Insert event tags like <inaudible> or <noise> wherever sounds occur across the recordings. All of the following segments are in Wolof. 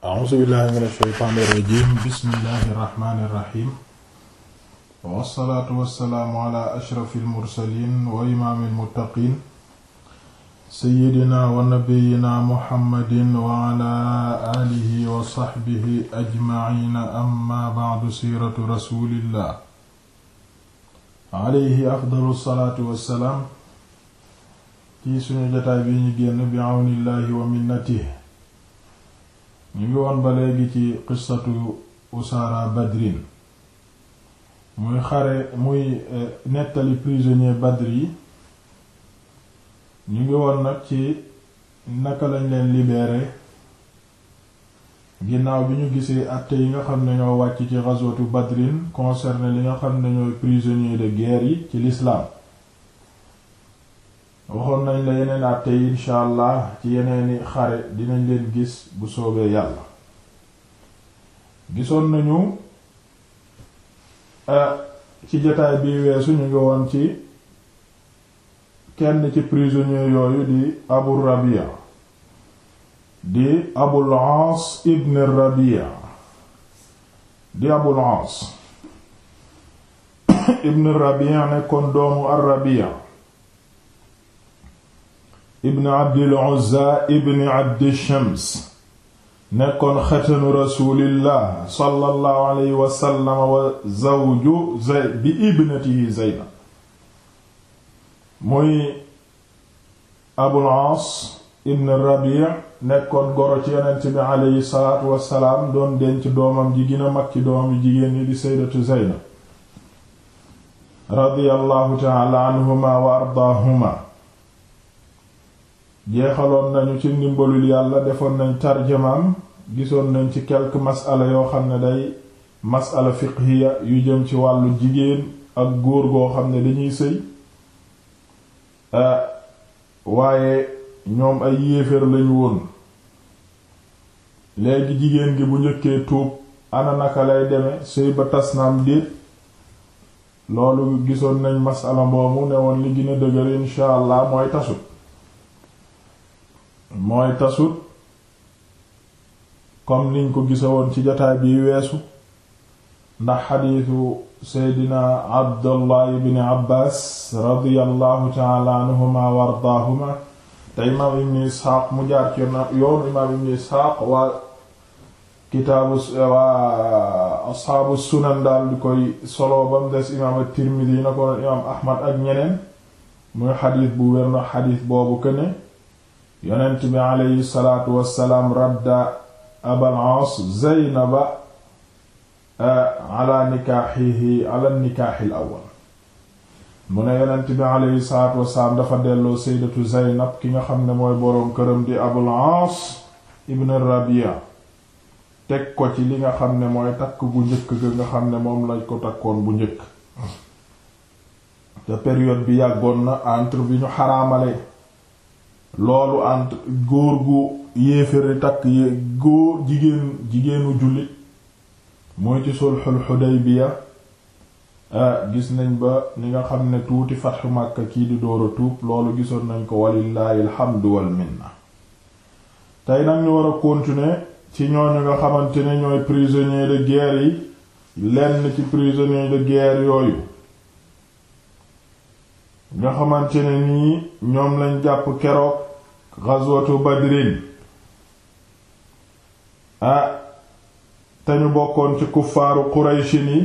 a'uuzu billahi mina shaytaani rajiim bismillahi rahmaani rahiim wassalaatu wassalaamu ala ashrafil mursaliin wa imaamil muttaqiin sayyidinaa wa nabiyyinaa muhammadin wa ala aalihi wa sahbihi ajma'iin amma ba'du siiratu rasuulillah alayhi afdalu salaatu wassalaam ci suñu jotaay bi ñu génn bi awnillahi wa minnatihi ñu ngi woon ba léegi ci qissatu usaara badrin muy xare muy eh, nettali prisonnier badri yi ñu ngi woon nag ci naka lañ leen libéré ginnaaw bi ñu gisee àtte yi nga xam ne ñoo wàcc ci ghazwatu badrin concerné li nga xam ne ñooy prisonnier de guerre yi ci lislaam waxoon nañ la yeneen àtte yi incha allah ci yeneeni xare dinañ leen gis bu soobee yàlla gisoon nañu eh, ci jotaay bii weesu ñu ngi woon ci kenn ci prisonnier yooyu di abu rabia di abul aas ibn rabia di abul <coughs> rabia nekkoon doomu ar rabia ibn abdil uzza ibn abdi shams nekkoon xatanu rasulillah sallallahu alayhi wa wa zawju bi ibnatihi zaynab muy abul aas ibn rabi' nekkoon goro ci yonent bi alayhi salaatu wassalaam doon denc doomam ji gën a ci doomam yi jigéen ñi di sayyidatu zaynab radiyallahu ta'ala anhuma wa ardaahuma jeexaloon nañu ci ndimbalul yàlla defoon nañ tarjamaam gisoon nañ ci quelques masala yoo xam ne day masala fiqhiya yu jëm ci wàllu jigéen ak góor goo xam ne dañuy sëy ah, waaye ñoom ay yéeféer lañu woon léegi jigéen gi bu njëkkee tuub ana naka lay deme sëy ba tas naam loolu gisoon nañ masala moomu ne woon li gën dëgër incha allah mooy tasu mooy tasut comme niñ ko gisa woon ci jataay bi weesu ndax xadiisu seydina abdullah ibni abbas radiallahu taala anhuma wa ardaahuma imaam ibni isxaaq mu jaar ci yoonu imaam ibni isxaaq waa kitaabu sunan daal di koy solo ba des imaam at na ko imaam ahmad ak ñeneen muy xadiis bu wér na xadiis boobu këne yonent bi aleyhi salaatu wassalaam radda abal aas zeynaba eh, ala nikaaxihi ala nikaaxil awal mu ne yonent bi aleyhi salaatu wassalaam dafa delloo saydatu zeynab ki nga xam ne mooy boroom këram di abul aas ibn rabia teg ko ci li nga xam ne mooy takk gu njëkk nga xam ne moom lañ ko takkoon bu njëkk te période bi yàggoon na entre bi ñu xaraamale loolu entre góor gu yéeféri takk y góor jigéen jigéenu jullit mooy ci sol sulxul Xudaybiya ah, gis nañ ba ni nga xam ne tuuti fatxu màkk kii di door a tuub loolu gisoon nañ ko walillaahi alxamdu wal minna tey nag ñu war continuer ci ñooñu nga xamante ne ñooy prisonniers de guerre yi lenn ci prisonniers de guerre yooyu nga xamante nii ñoom lañu jàpp keroog ghazwatu badrin ah te ñu bokkoon ci kuffaaru quraychin yi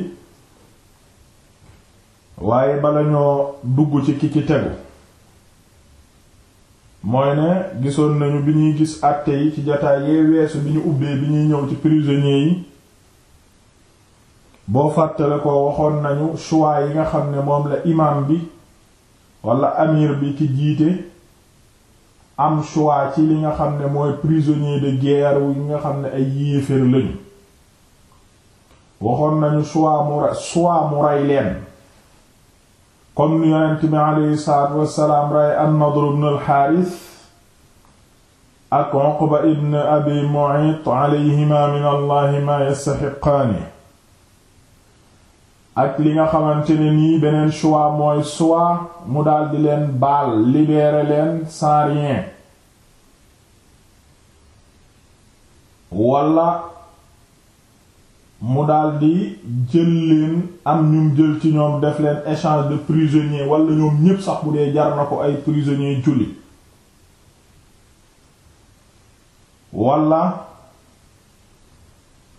waaye bala ñoo dugg ci ki ci tegu mooy ne gisoon nañu bi ñuy gis àtte yi ci jataay yee weesu bi ñu ubbee bi ñuy ñëw ci prisonniers yi boo fàttale ko waxoon nañu choix yi nga xam ne moom la imam bi wala amir bi ki jiite am choix ci li nga xam ne mooy prisonnier de guerre wu nga xam ne ay yéeféer lañu waxoon nañu choix mu choix mu rey leen comme ni yonent bi aleyhi salaatu nadr ibn al ak Uqba ibn Abi Mu'ayt alayhima min allahi ma yastaxiqaani ak li nga xamante ne nii beneen choix mooy soit mu daldi leen baal libérer leen sans rien walla mu daldi jël leen am ñum jël ci ñoom def leen échange de prisonniers walla ñoom ñépp sax bu dee jar na ko ay prisonniers julli walla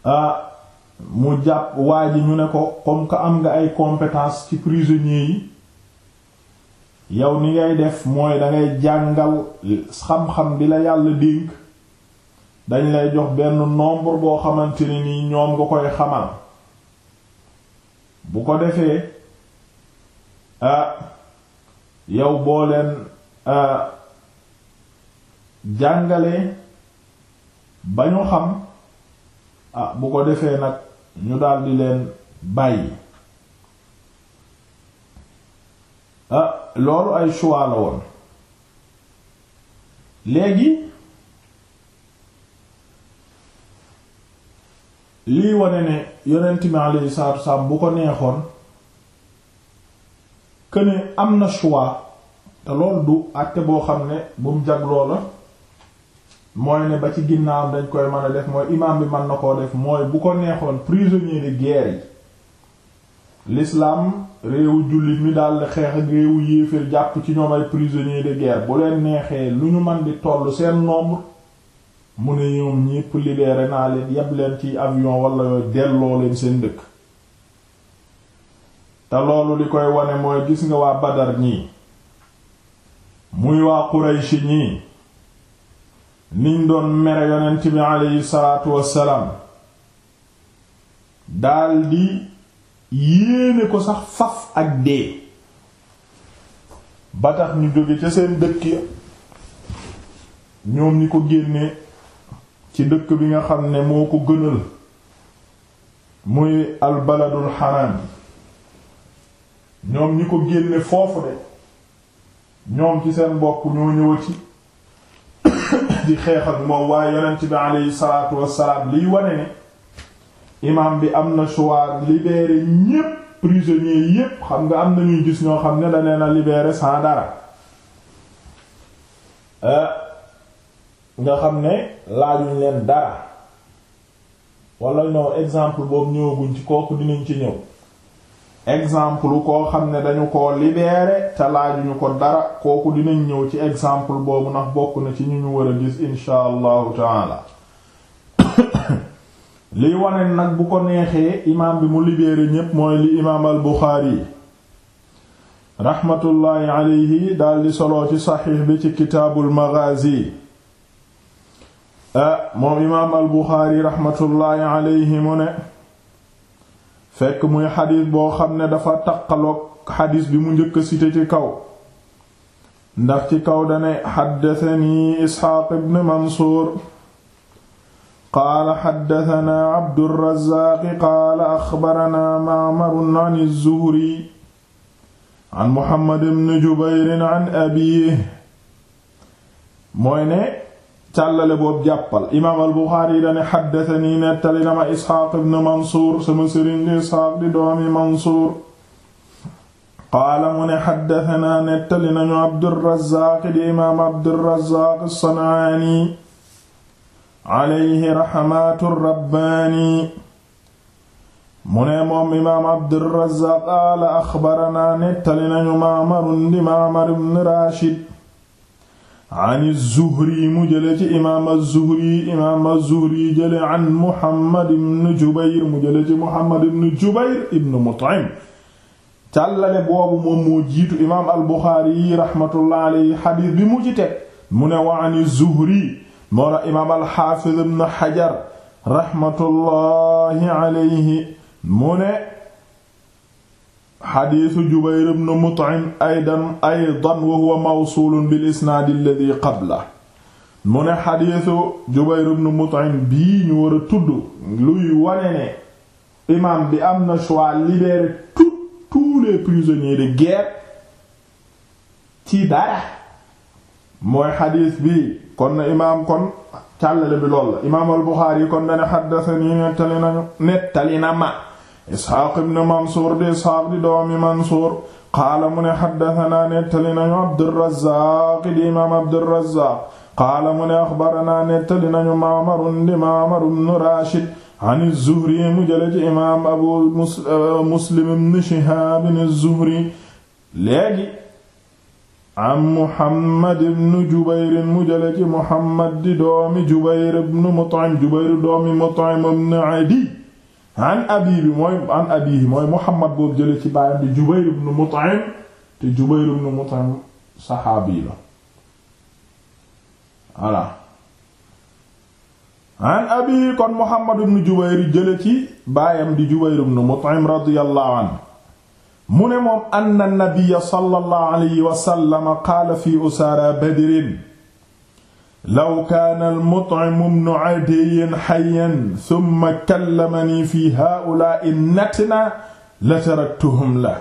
ah euh, mu jàpp waa ji ñu ne ko comme que am nga ay compétence ci prisonniers yi yow ni ngay def mooy dangay jàngal xam-xam bi la yàlla dénk dañ lay jox benn nombre boo xamante ne nii ñoom nga koy xamal bu ko defee ah yow boo leen ah ba ñu xam a bu ko defee nag ñu daldi leen bàyyi ah loolu ay choix la woon léegi lii wane ne yonent mi alayhi salaatu wasalaam bu ko neexoon que am na choix te loolu du àtte boo xam ne bu mu jagloo la mooy ne ba ci ginnaaw dañ koy man a def mooy imaam bi man na koo def mooy bu ko neexoon prisonnier de guerre yi lislaam réewu jullit mi daal xeex ak réewu yéeféer jàpp ci ñoom ay prisonnier de guerre bu leen neexee lu ñu man di toll seen nombre mu ne ñoom ñépp libéré naa leen yeb leen ci avion wala yooyu delloo leen seen dëkk te loolu li koy wane mooy gis nga waa Badar ñii muy waa Quraysh ñii niñ doon mere yonent bi aleyhi salaatu wassalaam daldi yéene ko sax faf ak dee ba tax ñu jóge ca seen dëkk ya ñoom ñi ko génne ci dëkk bi nga xam ne moo ko gënal muy albaladul xaraam ñoom ñi ko génne foofu de ñoom ci seen bopp ñoo ñëwati di xeex moom waaye yonent bi aleyhi salaatu wassalaam liy wane ne imam bi am na choix libérer ñépp prisonniers yépp xam nga am na ñuy gis ñoo xam ne da leen a libérer sans dara eh, nga xam ne laajuñ leen dara walla non exemple boobu ñëwaguñ ci kooku dinañ ci ñëw exemple koo xam ne dañu ko libéré te laajuñu ko dara kooku dinañ ñëw ci exemple boobu ndax bokk na ci ñu ñu war a gis insha allahu taala <coughs> liy wane nag bu ko neexee imaam bi mu libéré ñépp mooy li imaam al buxaari raxmatullaahi aleyhi daldi solo ci saxiix bi ci kitaabul magaazi eh, moom imaam al buxaari raxmatullaahi aleyhi mu ne fekk muy xadis boo xam ne dafa taqaloog xadis bi mu njëkk cité ci kaw ndax ci kaw dane xaddatani isxaaq ibn mansuur qaala xaddatanaa abdurrazaaqi qaala axbaranaa mamarun an zuhri an muhammad ibn jubayrin an abiih mooy ne càllale boobu jàppal imaam al-Buxaari dane xaddatani nettali dama isxaaq ibn mansuur sama sëriñ di isxaaq di doomi mansuur qaala mu ne xaddatanaa nettali nañu abdurrazaaq di imaam abdurrazaaq as-Sanaani alayhi raxmatu rabbaani mu ne moom imaam abdurrazaaq qaala axbaranaa nettali nañu maamaru di maamar ibn raashid an zuhri mu jële ci imaam az-zuhri imaam az-zuhri jële an muhammad ibn jubayr mu jële ci muhammad ibn jubayr ibn mut'im càllale boobu moom moo jiitu imaam al-buxaari yi rahmatullah alayhi xadiis bi mu ci teg mu ne wa an zuhri moo na imaam al-xaafiz ibn xajar rahmatullahi alayhi mu ne xadiisu Jubayr ibn Mut'im aydan aydan wa huwa mawsuulun bil isnaad alladhi qabla mu ne xadiisu Jubayr ibn Mut'im bii ñu war a tudd luy wane ne imaam bi am na choix libérer tous tous les prisonniers ci dara mooy xadiis bi kon na imaam kon càllale bi lool la imaam Buxaari kon dana xaddasani nettali nettali na ma isxaaq ibn mansuur di isxaaq di doomi mansuur qaala mu ne xaddatanaa nettali nañu abdurazaq di imaam abdurazaq qaala mu ne axbaranaa nettali nañu maamarun di maamar ibnu rashid an zuhri mu jële ci imaam abu euh, muslim ibn shihaab zuhri léegi am muhammad ibn jubayr mu jële ci muhammad di doomi jubayr ibn mut'im jubayr doomi mut'im ibn adi an abi bi mooy an abihi mooy Muhammad boobu jële ci baayam di Jubayr ibn Mut'im te Jubayr ibn Mut'im saxaabi la voilà an abi kon Muhammad ibn Jubayr jële ci baayam di Jubayr ibn Mut'im radiyallahu anhu mu ne moom anna nabiyya sallallahu alayhi wa sallam qaala fi usaara Badrin law kaana al-Mut'im ibnu Adiy hayyan thumma kallamanii fii haa'ulaa'i natna lataraktuhum lahu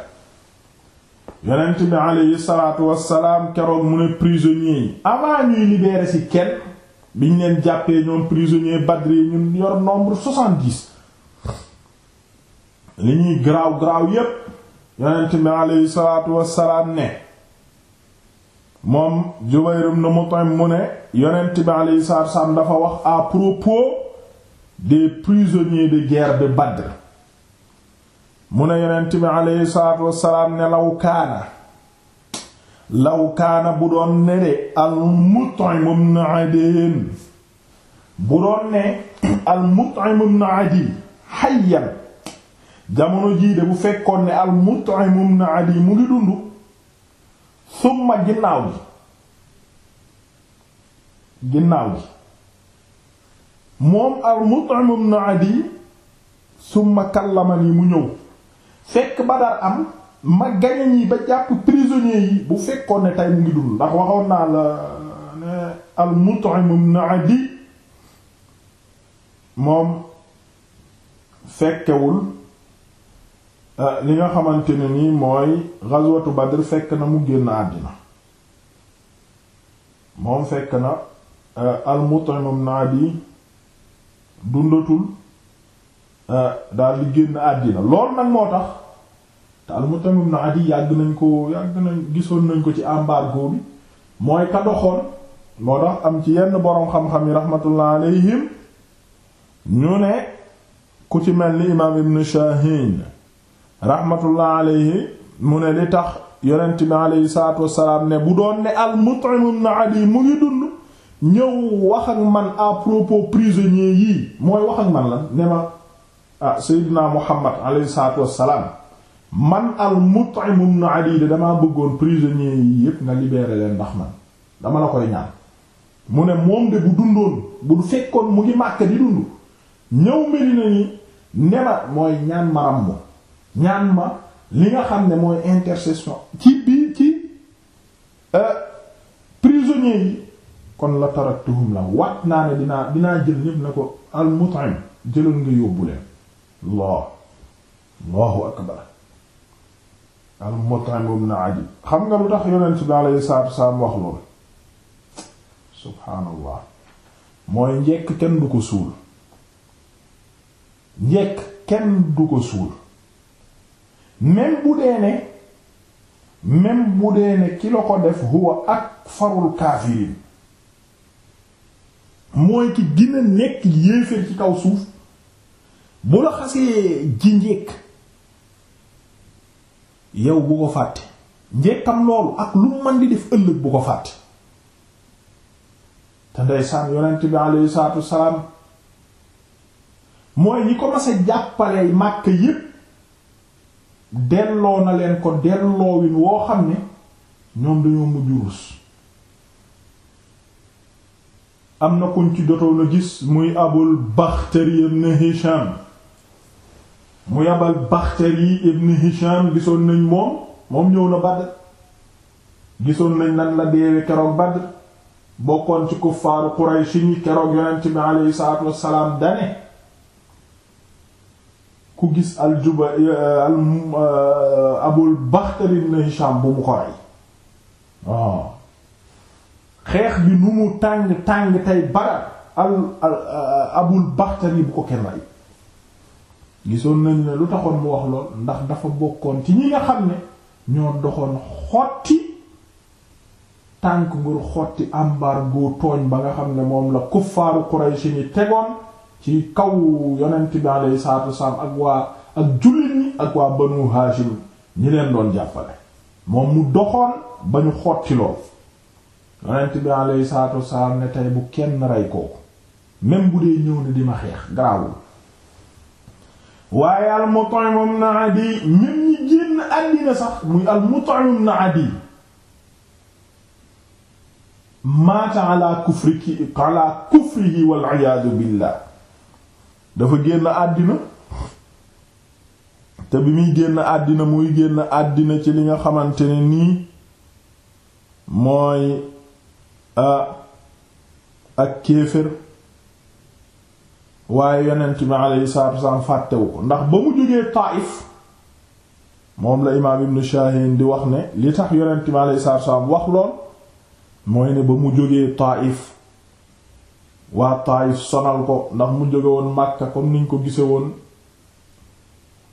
yonent bi aleyhi salaatu wassalaam keroog mu ne prisonniers yi avant ñuy libérer ci kenn biñ leen jàppee ñoom prisonniers Badri yi ñun yor nombre soixante-dix li ñuy garaaw garaaw yépp yonent bi aleyhi salaatu wassalaam ne moom Jubayr ibn Mut'im mu ne yonent bi alayhi salaatu wassalaam dafa wax à propos des prisonniers de guerre de Badr mu ne yonent bi alayhi salaatu ne law kaana law kaana bu doon ne de al Mut'im ibn Adiy bu doon ne jii de bu fekkoon ne al Mut'im ibn Adiy mu ngi dund summa ginnaaw gi ginnaaw gi moom al Mut'im ibn Adi summa kallamani mu ñëw fekk Badar am ma gañe ñi ba jàpp prisonnier yi bu fekkoon ne tey ngi dund ndax waxoon naa la ne al Mut'im ibn Adi moom fekkewul Euh, li nga xamante ne nii mooy ghazwatu Badr fekk na mu génn àddina moom fekk na euh, al-Mut'im ibn Adi dundatul euh, daal di génn àddina loolu nag moo tax te al-Mut'im ibn yàgg nañ ko yàgg nañ gisoon nañ ko ci embargo bi mooy ka doxoon moo tax am ci yenn boroom xam-xam yi rahmatullah alayhim ñu ne ku ci mel ni imaam Ibn Shahin rahmatullah alayhi mu ne li tax yonent bi alayhi salaatu wassalaam ne bu doon ne al Mut'im ibn Adi mu ngi dund ñëw wax ak man à propos prisonnier yii mooy wax ak man la ne ma ah Seydina Muhammad alayhi salaatu wassalaam man al Mut'im ibn Adi de damaa bëggoon prisonnier yii yépp nga libérer leen ndax man dama la koy ñaan mu ne moom de bu dundoon bu fekkoon mu ngi màkk di dund ñëw Medina ni ne ma mooy ñaan maram moom ñaan ma li nga xam ne mooy intercession ci biir ci euh, prisonniers yi kon la taraktuhum la wat naa ne dinaa dinaa jël ñépp ne ko al mut'im jëlal nga yóbbu leen Allah Allahu akbar al mut'im ibn xam nga lu tax yonent bi alayhi salaatu wasalaam wax loolu subhaanallah mooy njekk kenn du ko suul njekk kenn du ko suul même bu dee ne même bu dee ne ki la ko def huwa akfarul kaafiriin mooy ki gën nekk yéeféer ci kaw suuf bu la xasee ji njekk yow bu ko fàtte njekkam loolu ak lu man di def ëllëg bu ko fàtte te ndeysaan yonent bi alayhi salaatu wassalaam mooy ñi ko mas a jàppale yépp delloo na leen ko delloowin woo xam ne ñoom dañoo mujj rus am na kuñ ci jotoon a gis muy abul Bakhtari ibn Hisham muy abal Bakhtari ibn Hisham gisoon nañ moom moom ñëw na Badr gisoon nañ nan la deewe keroog Badr bokkoon ci kuffaaru Quraysh yi keroog yonent bi alayhi salaatu wassalaam dane ku gis al juba al euh, euh, abul Bakhtari ibn Hisham bu mu ko rey waaw ah. xeex bi nu mu tàng tàng tey Badar al euh, abul Bakhtari bu ko kenn rey gisoon nañ ne lu taxoon mu wax lool ndax dafa bokkoon ci ñi nga xam ne ñoo doxoon xotti tànk ngir xotti embargo tooñ ba nga xam ne moom la kuffaaru Quraysh ni tegoon ci kaw yonent bi alayhi salaatu wasalaam ak waa ak jullit ñi ak waa banu Haashim ñi leen doon jàppale moom mu doxoon ba ñu xotti lool yonent bi alayhi salaatu wasalaam ne tey bu kenn rey kooku même bu dee ñëw na di ma xeex garaawul waaye al Mut'im Adi même ñi génn àddina sax muy al Mut'im Adi maata ala kufri ala kufrihi wal iyaadu billah dafa génn àddina te bi muy génn àddina muy génn àddina ci li nga xamante ne nii mooy ak kéefër waaye yonent bi alayhi salaatu wasalaam fàttewu ko ndax ba mu jógee Taayif moom la imaam Ibn Shaahin di wax ne li tax yonent bi alayhi salaatu wax lool mooy ne ba mu jógee Taayif waa Taayif sonal ko ndax mu jóge woon Makka comme niñ ko gise woon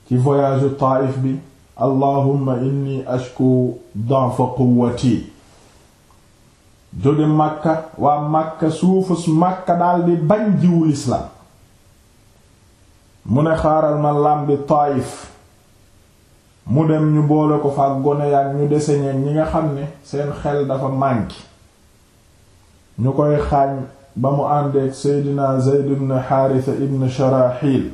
ci voyage Taayif bi allahumma inni ashku da'fa quwwati jóge Makka waa Makka suufus Makka daldi bañ jiwu lislaam mu ne xaaral ma làmbi Taayif mu dem ñu boole ko fa gone yaak ñu deseñeen ñi nga xam ne seen xel dafa mànki ñu koy xaañ ba mu àndeek seydina zeyd ibn xaarisa ibn sharaxil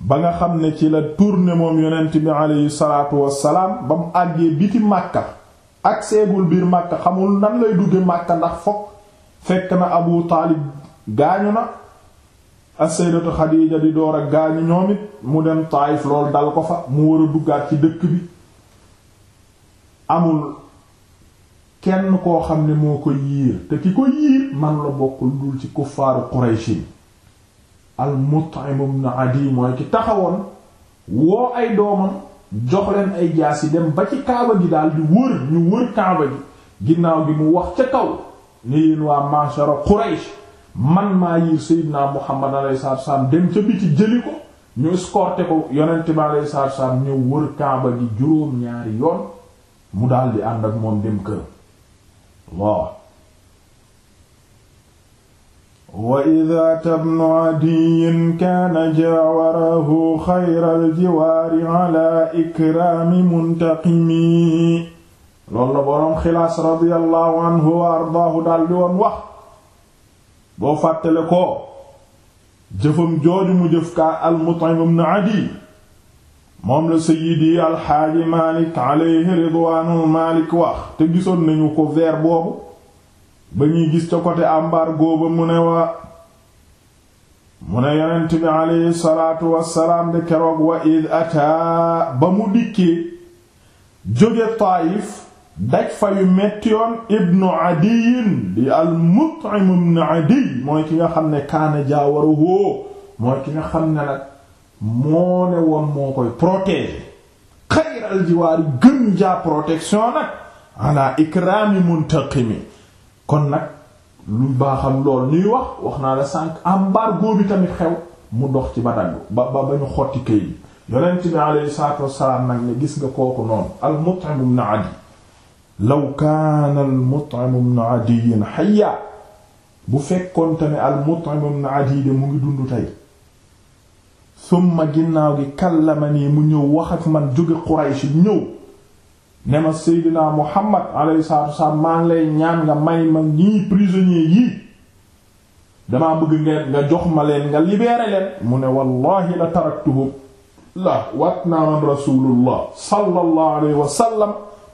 ba nga xam ne ci la tourné moom yonent bi aleyhi salaatu wassalaam ba mu àggee biti màkka ak seegul biir màkka xamul nan lay dugge màkka ndax fokk fekk na abu taalib gaañu na as-sayyidatu xadiija di door a gaañu ñoom it mu dem taayif lool dal ko fa mu war a duggaat ci dëkk bi amul kenn koo xam ne moo ko yiir te ki ko yiir man la bokk lu dul ci kuffaaru Quraysh al Mut'im ibn Adi mooy ki taxawoon woo ay doomam jox leen ay jaas yi dem ba ci kaaba gi daal di wër ñu wër kaaba gi ginnaaw gi mu wax ca kaw ne yéen waa mashara Quraysh man maa yiir Seydina Muhammad alayhi salaatu salaam dem ca biti jëli ko ñu escorté ko yonent bi alayhi salaatu salaam ñëw wër kaaba gi juróom-ñaari yoon mu daal di ànd ak moom dem kër Allah wa idha tabnu adiyin kaana jaawarahu xayral jiwaari ala ikraami muntaqimi loolu la boroom xilaas radiyallahu anhu wa ardaahu daldi woon wax boo fàttale ko jëfam jooju mu jëf kaa al Mut'im ibn Adiy moom la sayyidi alxaaji Malik alayhi Malik wax te gisoon nañu ko veer boobu ba ñuy gis ca côté embargo ba mu ne wa mu ne yonent bi alayhi wassalaam de keroog wa id ataa ba mu dikkee jóge Taayif daj fa yu metti yoon ibnu adiyin di al Mut'im ibnu mooy ki nga xam ne kaana jaawaruhu mooy ki nga xam ne nag moo ne woon moo koy protéger xayral jiwaari gën jaa protection nag ala ikrami muntaqimi kon nag lu baaxam lool ñuy wax wax naa la sànq embargo bi tamit xew mu dox ci ba dagg ba ba ba ñu xotti kay bi yonent bi alayhi salaatu wassalaam nag ne gis nga kooku noonu al Mut'im ibn Adi law kaana al Mut'im ibn Adi hayya bu fekkoon tamit al Mut'im ibn Adi de mu ngi dund tey summa ginnaaw gi kallama nii mu ñëw wax ak man jóge Quraysh ñëw ne ma Seydina Muhammad alayhi salaatu wasalaam maa lay ñaan nga may ma ñii prisonniers yii damaa bëgg nga jox ma leen nga libérer leen mu ne wallahi la taraktuhum la wat naa man rasulullah sallallahu alayhi wa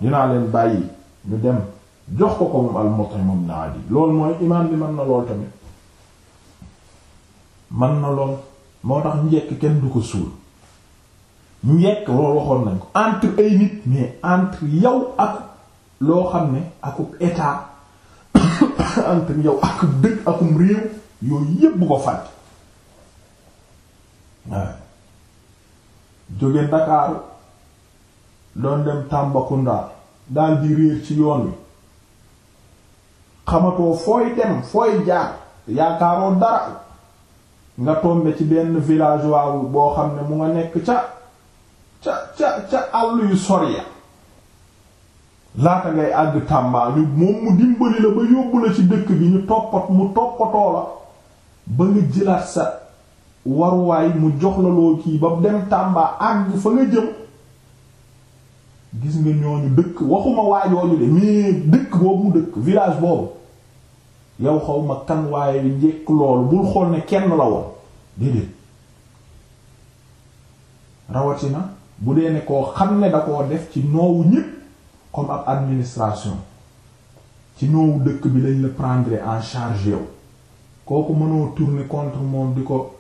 dinaa leen bàyyi ñu dem jox ko ko moom al-Mut'im ibn Adi loolu mooy imaam bi mën na lool tamit mën na lool moo tax njekk kenn du ko suul njekk loolu waxoon nañ ko entre ay nit mais entre yow ak loo xam ne akub état <coughs> entre yow akub dëkk akum réew yooyu yépp bu ko fàtte waaw jóge Ndakaaru doon dem Tambacounda daal di réer ci yoon wi xamatoo fooy dem fooy jaar yaakaaroo dara nga tombe ci benn village waawu boo xam ne mu nga nekk ca ca ca ca àll yu sori ya laata ngay àgg Tamba ñu moom mu dimbali la ba yóbbu la ci dëkk bi ñu toppat mu toppatoo la ba nga jëlaat sa waruwaay mu jox la kii ba dem Tamba àgg fa nga jëm gis nga ñooñu dëkk waxuma waajooju de mais dëkk boobu mu dëkk village boobu yow xaw ma kan waaye njëkk loolu bul xool ne kenn la woon déedéet rawatina bu dee ne koo xam ne da koo def ci noowu ñépp comme ab administration ci noowu dëkk bi lañ la prendre en charge yow kooku mënoo tourner contre moom di ko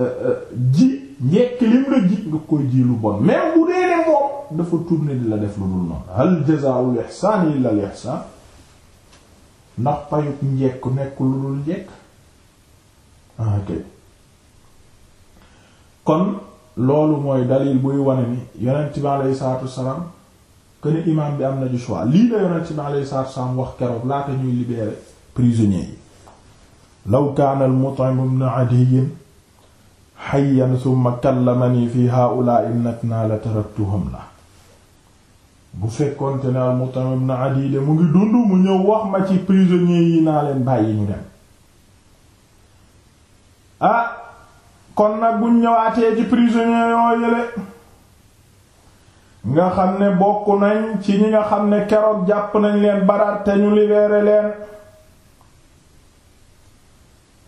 euh, euh, ji njekk lim la ji nga koy ji lu bon même bu dee ne moom dafa tourner di la def lu dul noonu hal jazaa'ul ihsaani illal ihsaan ndax payuk njekk nekk lu dul njekk ah, kon loolu mooy dalil buy wane ni yonent bi aleyhi salaatu wasalaam këne imaam bi am na ju choix lii la yonent bi aleyhi salaatu wasalaam wax keroog laata ñuy libérer prisonniers yi law kaana al-Mut'im ibn Adiy hayyan thumma kallamani fi haa'ulaa'i an-natnaa la taraktuhum la bu fekkoonte ne al Mutim ibn mu ngi dund mu ñëw wax ma ci prisonnier yi naa leen bàyyi ñu dem ah kon nag buñ ñëwaatee ci prisonnier yoo yële nga xam ne bokk nañ ci ñi nga xam ne keroog jàpp nañ leen Badar te ñu libéré leen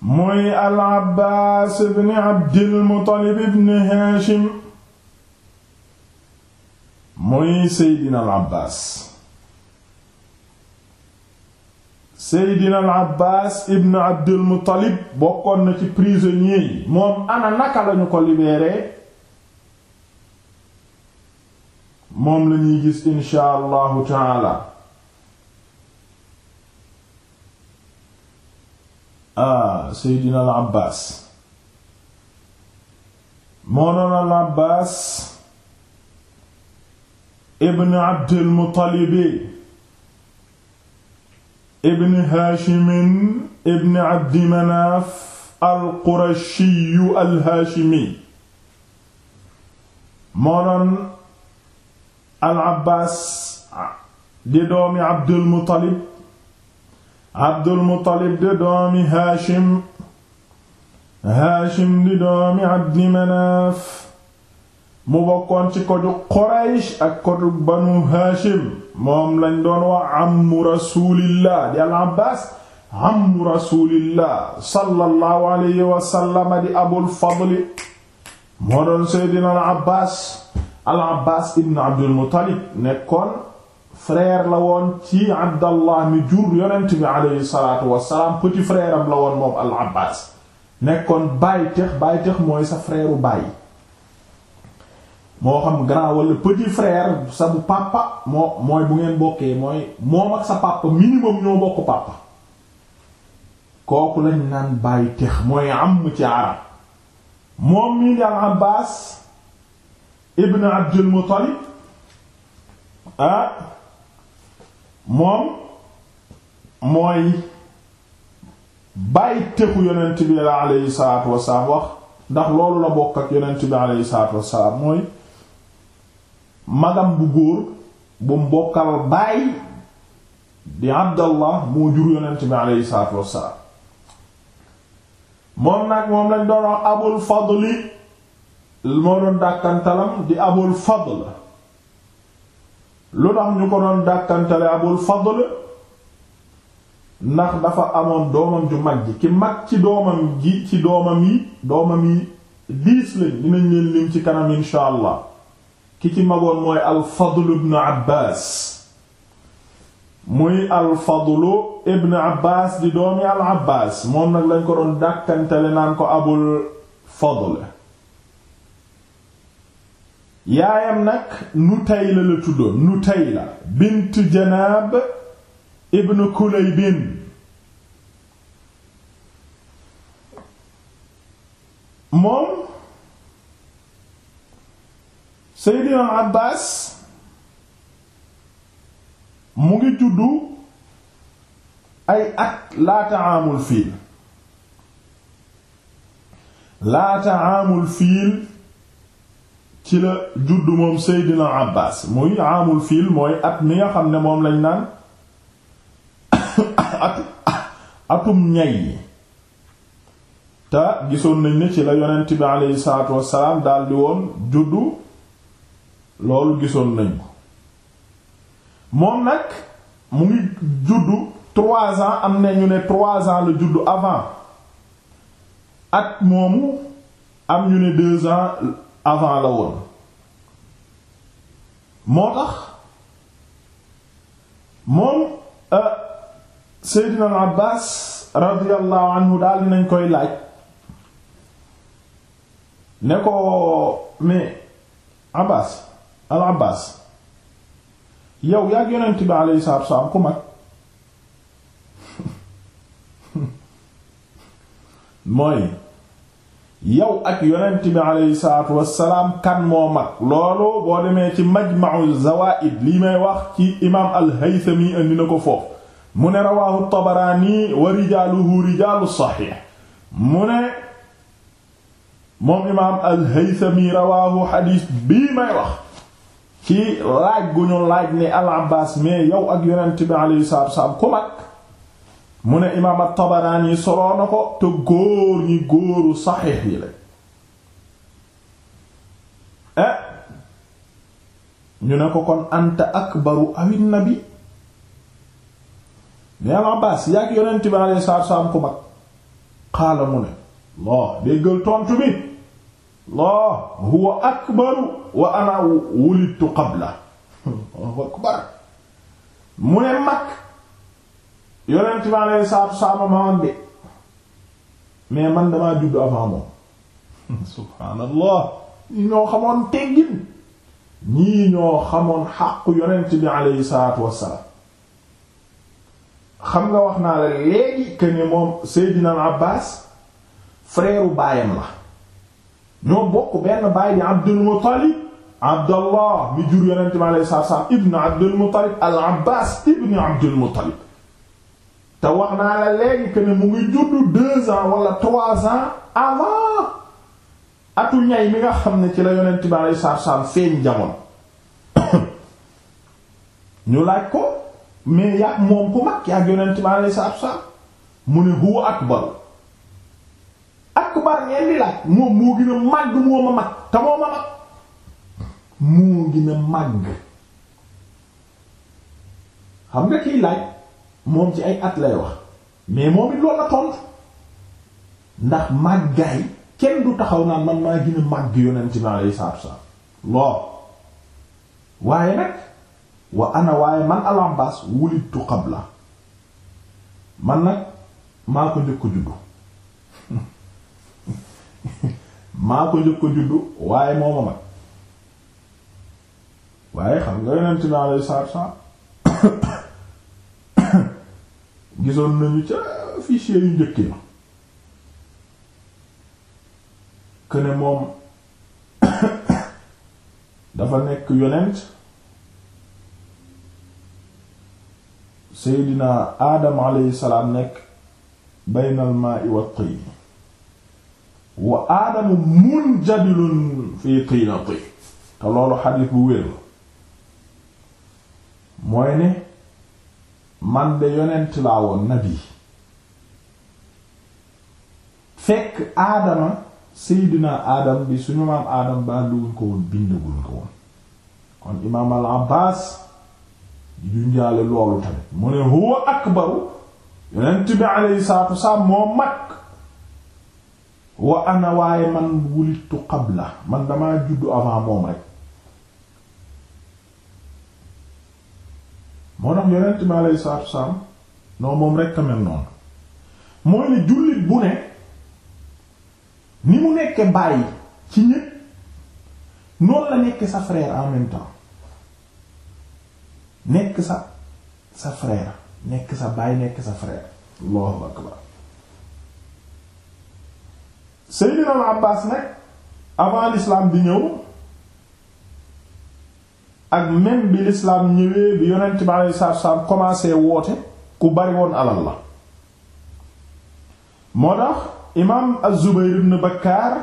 muy al Abbaas ibn Abdil Muttalib ibn Hashim mooy Seydina al Abbaas Seydina al Abbaas ibn Abdul Muttalib bokkoon na ci prisonnier yi moom ana naka lañu ko libéré moom lañuy gis insha allahu taala ah Seydina al Abbaas moo noon al Abbaas ibn abdil muttalibi ibn haashimin ibn abdi manaaf al qurashiyu al haashimi moo doon al abbaas di doomi abdul muttalib abdul muttalib di doomi haashim haashim di doomi abdi manaaf mu bokkoon ci koju Quraysh ak koju Banu Hashim moom lañ doon wax ammu rasulillah di al Abbaas ammu rasulillah sallallahu alayhi wa sallam di Abul Fadl moo doon Seydina al Abbaas al Abbaas ibn Abdul nekkoon frère la woon ci Abdallah mi jur yonent bi alayhi salaatu wa salaam petit la woon moom al Abbaas nekkoon baay tex mooy sa frère baay. moo xam grand wala petit frère sa bu papa moo mooy bu ngeen bokkee mooy moom ak sa papa minimum ñoo bokk papa kooku lañ naan bàyyi tex mooy am ci arab moom mii di al Abbaas ibn Abdul Muttalib ah moom mooy bàyyi texu yonent bi la aleyhi salaatu wax ndax loolu la bokk ak yeneen bi aleyhi salaatu wasalaam mooy magam bu góor bu mbokkal baay di abdallah moo jur yonent bi aleyhi salaatu wassalaam moom nag moom lañ doon abul fadli moo doon dàkkantalam di abul fadl lu tax ñu ko doon dàkkantale abul fadl ndax dafa amoon doomam ju mag ji ki mag ci doomam ji ci doomam yi doomam yi diis lañ dinañ leen lim ci kanam insha allah ki ci magoon mooy alfadlu ibn abbas muy alfadlu ibn abbas di doomi al abbas moom nag lañ ko doon dàkkantele naan ko abul fadl yaayam nag nutayla la tuddoon nutayla bint janaab ibn kulaybin moom Seydina Abbas mu ngi juddu ay at laa ta'aamul fiil laa ta'aamul fiil ci la juddu moom Seydina Abbas muy aamul fiil mooy at mi nga xam ne moom lañ naan <coughs> atum ñay te gisoon nañ ne ci la yonent bi aleyhi salaatu wassalaam daldi woon juddu loolu gisoon nañ ko moom nag mu ngi juddu trois am na ñu ne trois ans la juddu avant at moomu am ñu ne deux ans avant la woon moo tax moom euh, Seydina al Abbas radiyallahu daal dinañ koy laaj ne ko mais Abbas al abbaas yow yaa yonent bi alayhi salaatu ku mag <laughs> mooy yow ak yonent bi alayhi salaatu wassalaam kan moo mag loolu boo demee ci majma'u zawaid lii may wax ci imaam al-Haythami andi ko foofu mu ne rawaahu tabaraani wa rijaaluhu rijaalu saxiix mu ne moom imaam al-Haythami rawaahu xadiis bii may wax ci laaj gu ñu laaj ne al abbas mais yow ak yonent bi alayhi salaatu wasallam ku mag mu ne imaam at-Tabaraani soloo ko te góor ñi góoru saxiix yi lañ eh ñu ne ko kon anta akbaru awin nabi mais al abbas yaa ak yonent bi alayhi ku mag xaala mu ne loo déggal tontu bi laa huwa akbaru wa ana wulidtu qabla wa akbar mu ne mag yonent maa lay saatu saama maa de mais man damaa judd avant moom <laughs> subhaanallah ñi ñoo xamoon teggin ñii ñoo xamoon xàqu yonent bi alayhi salaatu wassalaam xam nga wax naa la léegi que ne moom Seydina Abbas frère u baayam la ñoo bokk benn baay di Abdul Muttalib Abdallah mi jur yonent mi alayhi salaatu salaam ibn Abdul Muttalib al Abbaas ibn Abdul Muttalib te wax naa la léegi que mu ngi judd deux ans wala trois ans avant atu ñay mi nga xam ne ci la yonent mi alayhi salaatu salaam feeñ jamono <coughs> ñu laaj ko mais yaa moom ku mag yaa yonent mi alayhi salaatu mu ne huwa akbar akbar ngeen di laaj moom moo gën màgg moo ma mag te ma mag moo gën màgg xam nga kiy laaj moom ci ay at lay wax mais moom it loolu la tontu ndax màggaay kenn du taxaw naan man maa gën a màgg yonent mi alayhi salaatu wassalaam lool waaye nag wa ana waaye man al-Abbaas wulidtu la man nag maa ko njëkk juddu <laughs> maa ko njëkk a juddu waaye moo ma mag waaye xam nga yonent bi alayhi salaatu wa <coughs> gisoon nañu ca fichier yu njëkk ya que moom <coughs> dafa nekk yonent Seydina Adam alayhi salaam nekk baynal maa'i wat-tiin wa aadamu munjadilun fii tiinati te loolu xadiis bu wér mooy ne man de yonent laa woon nabi fekk aadama seydinaa aadam bi suñu maam aadam baa luwuñ ko woon bindaguñ ko woon kon imaam al abbaas yu loolu tamit mu ne huwa akbaru yonent bi alayhi salaatu wasalaam moo mag wa ana waaye man wulittu qabla man damaa juddu avant moom rek moo tax yonent mi alayhi salaatu wasalaam non moom rek ka noonu mooy ne jullit bu ne ni mu nekke bàyyi ci ñépp noonu la nekk sa frère en même temps nekk sa sa frère nekk sa baay nekk sa frère Seydina Abbas nag avant l'islam di ñëw ak même bi l'islam ñëwee bi yonent bi alayhi salaatu salaam commencé woote ku bari woon alal la moo tax imaam az-Zubayr Bakkaar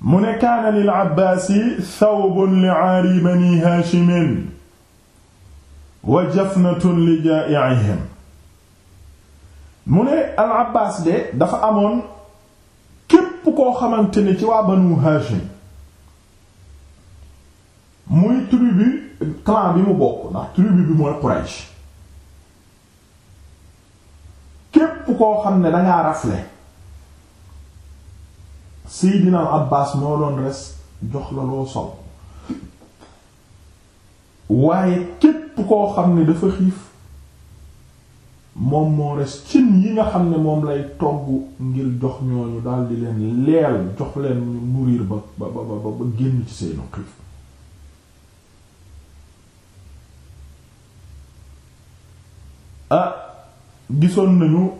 mu ne kaana lil Abbaasi thawbun li aari bani Haashimin wa jafnatun li jaa'ihim mu ne al abbas de dafa amoon képp koo xamante ni ci waa banu hashim muy tribu clan bi mu bokk ndax tribu bi mooy Quraysh képp koo xam ne dangaa rafle Seydina al abbas moo doon res jox la loo sol waaye képp koo xam ne dafa xiif moom moo res cin yi nga xam ne moom lay togg ngir jox ñooñu dal di leen leel jox leen nourrir ba ba ba ba génn ci seenu xiif ah gisoon nañu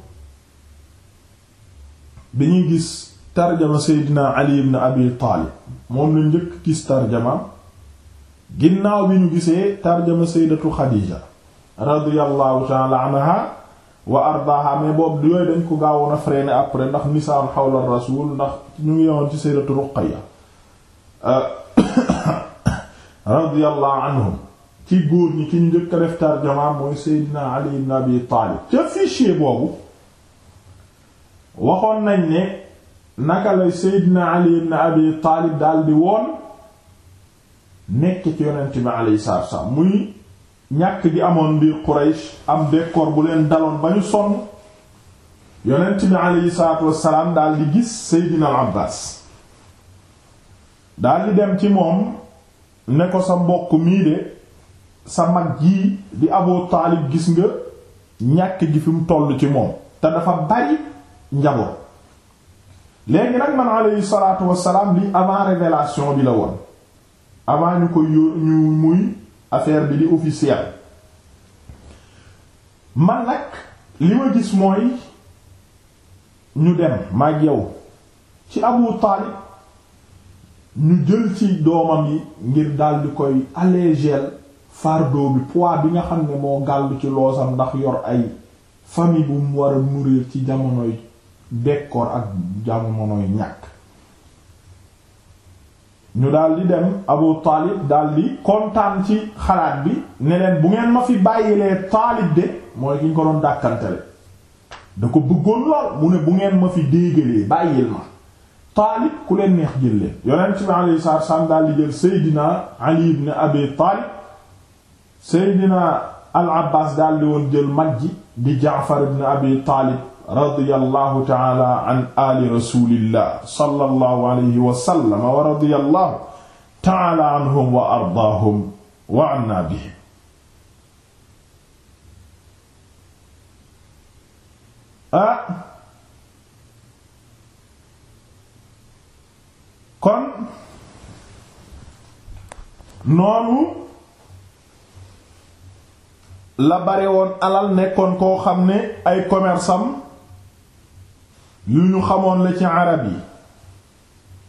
bi ñuy gis tarjama Seydina Ali ibn Abi Taalib moom la njëkk gis tarjama ginnaaw bi ñu gisee tarjama Sayyidatu Xadiija radiyallahu ta'ala wa ardaha mais boobu yooyu dañ ko gaawoon a freiné après ndax nisaan xawla rasul ndax ñu ngi yoon ci sayyidatu ruqayya <coughs> radiyallahu anhum ci góor ñi ci njëkk a def tarjama mooy seydina ali ibn abi taalib ca fichier boobu waxoon nañ ni naka lay seydina ali ibn abi taalib daldi woon nekk ci yonent bi alayhi salaatu muy ñàkk gi amoon biir Quraysh am bekkoor bu leen daloon ba ñu sonn yonent bi aleyhi salaatu wassalaam daal di gis Seydina al Abbaas daal di dem ci moom ne ko sa mbokk mii de sa mag jii di Abu Taalib gis nga ñàkk gi fi mu toll ci moom te dafa bari njaboot léegi nag man aleyhi salaatu wassalaam li avant révélation bi la woon avant ñu koy yóor ñu muy affaire bi di officiel man nag li ma gis mooy ñu dem mag yow ci Abu Taalib ñu jël ci doomam yi ngir dal di koy alléger fardeau bi poids bi nga xam ne moo gàll ci loosam ndax yor ay famille bu mu war ci jamonoy bekkoor ak jamonoy ñàkk ñu daal di dem Abu Taalib daal kontaan ci xalaat bi ne bu ngeen ma fi bàyyilee Taalib de mooy ki ñu ko doon dàkkantele da ko bëggoon lool mu ne bu ngeen ma fi déegalee bàyyil ma Taalib ku leen neex jël leen yonent bi alayhi salaatu wassalaam daal di jël Seydina Ali ibn Abi Taalib Seydina Al Abbaas daal woon jël mag ji di Jaafar ibn Abi Taalib radiyallahu ta'ala an ali rasulillah sallallahu alayhi wa sallam wa radiyallahu ta'ala anhum wa ardaahum wa anna bihim ah kon noonu la bare woon alal nekkoon koo xam ne ay commerçant yu ñu xamoon la ci arab yi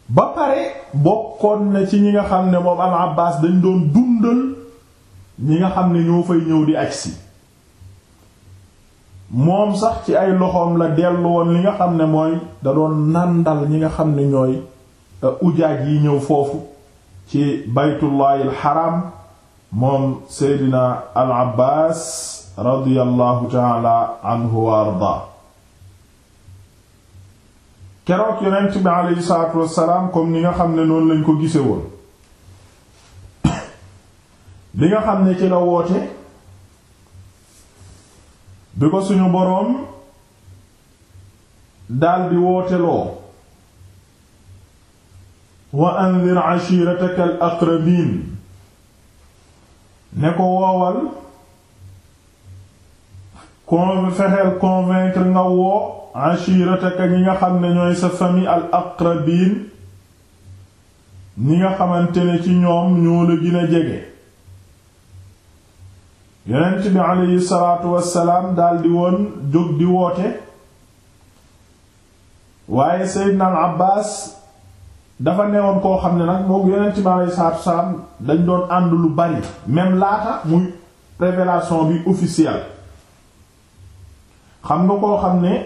ba pare bokkoon na ci ñi nga xam ne moom al Abbaas dañ doon dundal ñi nga xam ne ñoo fay ñëw di agsi moom sax ci ay loxoom la dellu woon li nga xam ne mooy da doon nàndal ñi nga xam ne ñooy euh, ujaaj yi ñëw foofu ci baytullaahil xaram moom seydina al Abbaas radiyallahu taala anhu ardaa keroog yonent bi aleyhi salaatu wassalaam comme ni nga xam ne noonu lañ ko gise woon bi nga xam ne ci la woote bi ko suñu boroom daldi wooteloo wa anzir ashirataka al aqrabin ne ko woowal fexeel convaincre nga woo ashirataka ñi nga xam ne ñooy sa famille al aqrabiin ñi nga xamante ne ci ñoom ñoo la gën a jege yonent bi aleyhi salaatu wassalaam daldi woon jóg di woote waaye seydna al abbaas dafa newoon koo xam ne nag moom yonent bi aleyhi salaatu dañ doon ànd lu bari même laata muy révélation bi officielle xam nga koo xam ne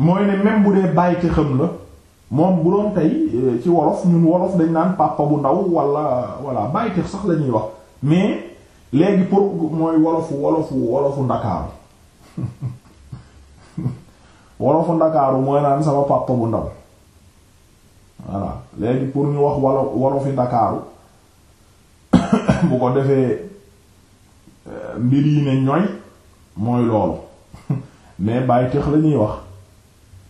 mooy ne même bu dee bàyyi te la moom bu doon tey euh, ci wolof ñun wolof dañ naan papa bu ndaw walla wala bàyyi te sax la wax mais léegi pour mooy wolofu wolofu wolofu ndakaaru <laughs> mooy naan sama papa bu ndaw léegi pour ñu wax wolofi ndakaaru <coughs> bu ko defee euh, mbir yi ne ñooy mooy loolu <laughs> mais bàyyi tex la ñuy wax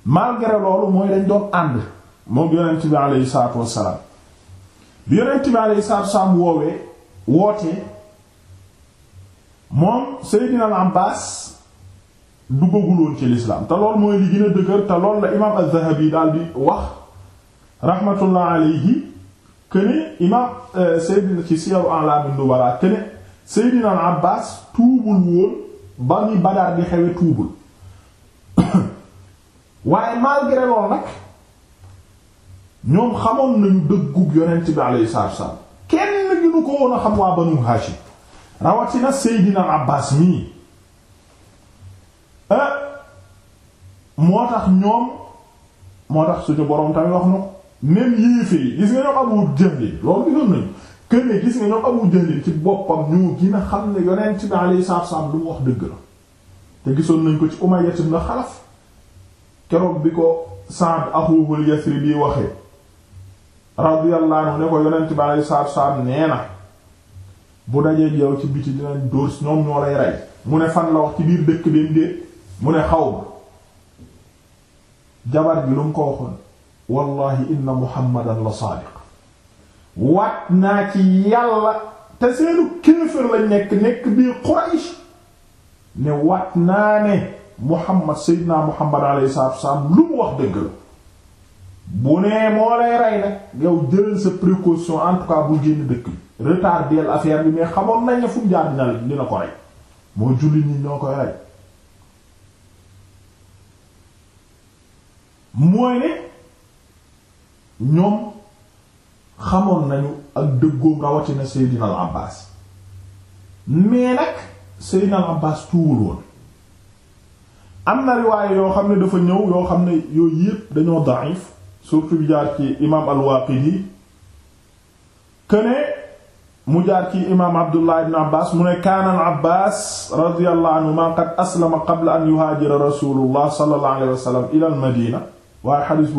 malgré loolu mooy dañ doon ànd moom yonent bi aleyhi salaatu wassalaam bi yonent bi aleyhi salaatu wassalaam woowee wootee moom Seydina al Abbaas duggaguloon ci lislaam te loolu mooy li gën a dëgër te loolu la imaam az-Zahabi daal di wax rahmatullah aleyhi këne imaam euh, Seydina ci Siyar A'lam an-Nubala këne Seydina al Abbaas tuubul woon ba ni Badar di xewe tuubul waaye malgré loolu nag ñoom xamoon nañu dëggug yonent bi alayhi salaatu wasallam kenn ginu ko woon a xam waa banu Haashim rawatina Seydina Abbaas mii eh, moo tax ñoom moo tax suñu boroom tamit wax na ko même fii yi gis nga ñoom Abu Jahl loolu gisoon nañu kënee gis nga ñoom Abu Jahl ci boppam ñu gën a xam ne yonent bi alayhi salaatu wasallam lu mu wax dëgg la te gisoon nañ ko ci Umayya a Xalaf keroog bi ko Saad axuhul Yasribi waxee radiyallahu anhu ne ko yonent bi aleyhi salaatu salaam nee na bu dajee yow ci biti dinañ dóor ñoom ñoo lay rey mu ne fan la wax ci biir dëkk bi ndéet mu ne xaw ma jabar bi lu mu ko waxoon wallahi inna muhammadan la saadiq waat naa ci yàlla te seenu kéefër lañ nekk nekk bii Quraysh ne waat naa ne Muhammad Seydina Muhammad alayhi salaatu wasallam lu mu wax dëgg la bu nee moo lay rey nag yow jëlal sa précaution en tout cas bul génn dëkk bi retardeel affaire bi mais xamoon nañ ne fu mu jaar dina dina ko rey moo julli nii ñoo koy rey mooy ne ñoom xamoon nañu ak dëggoom rawatina Seydina al Abbaas mais nag Seydina Abbaas tuwul woon am na riwaaye yoo xam ne dafa ñëw yoo xam ne yooyu yépp dañoo da'if surtout bi jaar ci imaam al-Waaqidi këne mu jaar ci imaam Abdullah ibn Abbas mu ne kaana al-Abbaas radiyallahu anhuma qad aslama qabla an yuhaajira rasuulullah sallallahu alayhi wa sallam ila al-Madina waaye xadiis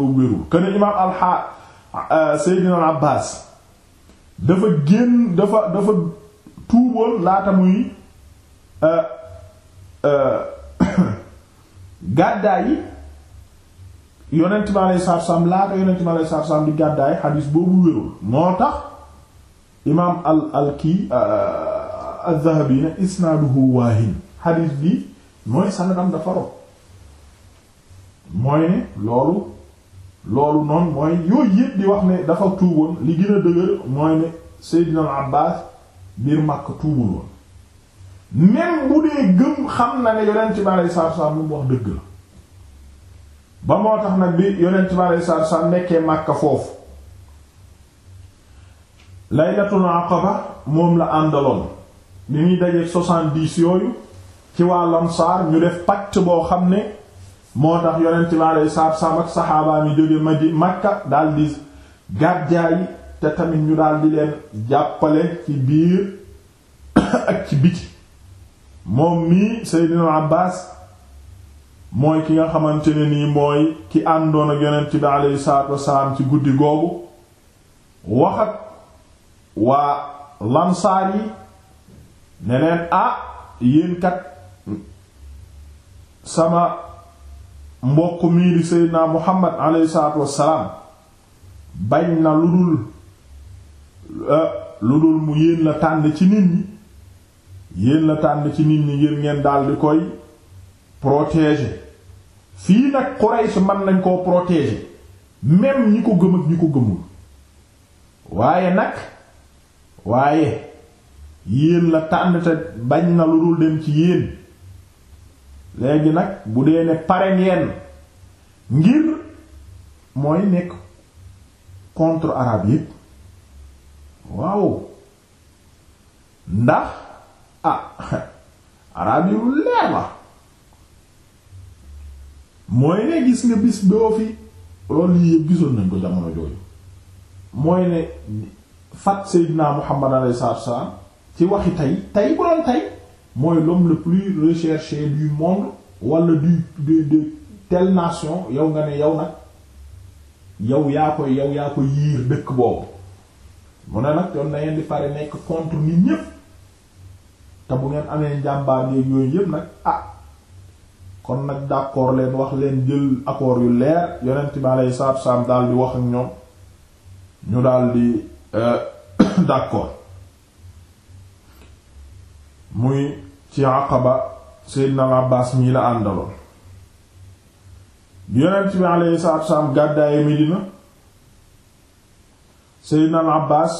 euh, Seydina al dafa génn dafa dafa tuuboon laata muy euh, euh, gàddaay yi yonent bi alei satu salaam laata yonent bi alei satu salaam di gàddaay xadiis boobu wérul moo tax imaam al al kii euh, euh, az-Zahabi ne isnaaduhu waahin xadiis bi mooy sanadam dafa rob mooy ne loolu loolu noonu mooy yooyu yëpp di wax ne dafa tuuboon li gën a dëgër mooy ne Seydina Abbaas biir Makka tuubul woon même bu dee gëm xam na ne yonent bi aleyhi salaatu salaam mu wax dëgg la ba moo tax nag bi yonent bi aleyhi salaatu nekkee Makka foofu laylatul aqaba moom la àndaloon bi ñuy dajee soixante-dix yooyu ci waa Lamsaar ñu def pacte boo xam ne moo tax yonent bi aleyhi salaatu salaam ak saxaabaa mi jóge maji Makka daal di gàddaay yi te tamit ñu dal di leen jàppale ci biir <coughs> ak ci biti moom mii Seydina Abbaas mooy ki nga xamante ne nii mooy ki àndoon ak yonent bi aleyhi salaatu wasalaam ci guddi googu wax waa lansaar yi ne leen ah sama mbokk mii di Seydina Muhammad aleyhi salaatu wasalaam bañ na lu dul eh, lu dul mu yéen la tànn ci nit ñi yéen la tànn ci nit ñi ngir ngeen daal di koy protéger fii nag Quraysh mën nañ koo protéger même ñi ko gëm ak ñi ko gëmul waaye nag waaye yéen la tànn te bañ na lu dul dem ci yéen léegi nag bu dee ne pare ngeen ngir mooy nekk contre arabe yépp waaw ndax ah araab lu leer la mooy ne gis nga bis boo fi loolu yëpp gisoon nañ ko jamono jooju mooy ne fat Seydina Muhammad alayhi salaatu wa ci waxi tey tey bu doon tey mooy l'homme le plus recherché du monde wala du de de telle nation yow nga ne yow nag yow yaa koy yow yaa ko yiir dëkk boobu mu ne nag doon na ngeen di pare nekk contre nit ñépp te bu ngeen amee njàmbaar géeg yooyu yëpp nag ah kon nag d'accord leen wax leen jël accord yu leer yonent bi aleyhi salaatu wasalaam daal di wax ak ñoom ñu daal di euh, <coughs> d'accord muy ci Aqaba Seydina Abbas mii la àndaloon yonent bi aleyhi salaatu wasalaam gàddaaye Medina Seydina Abbas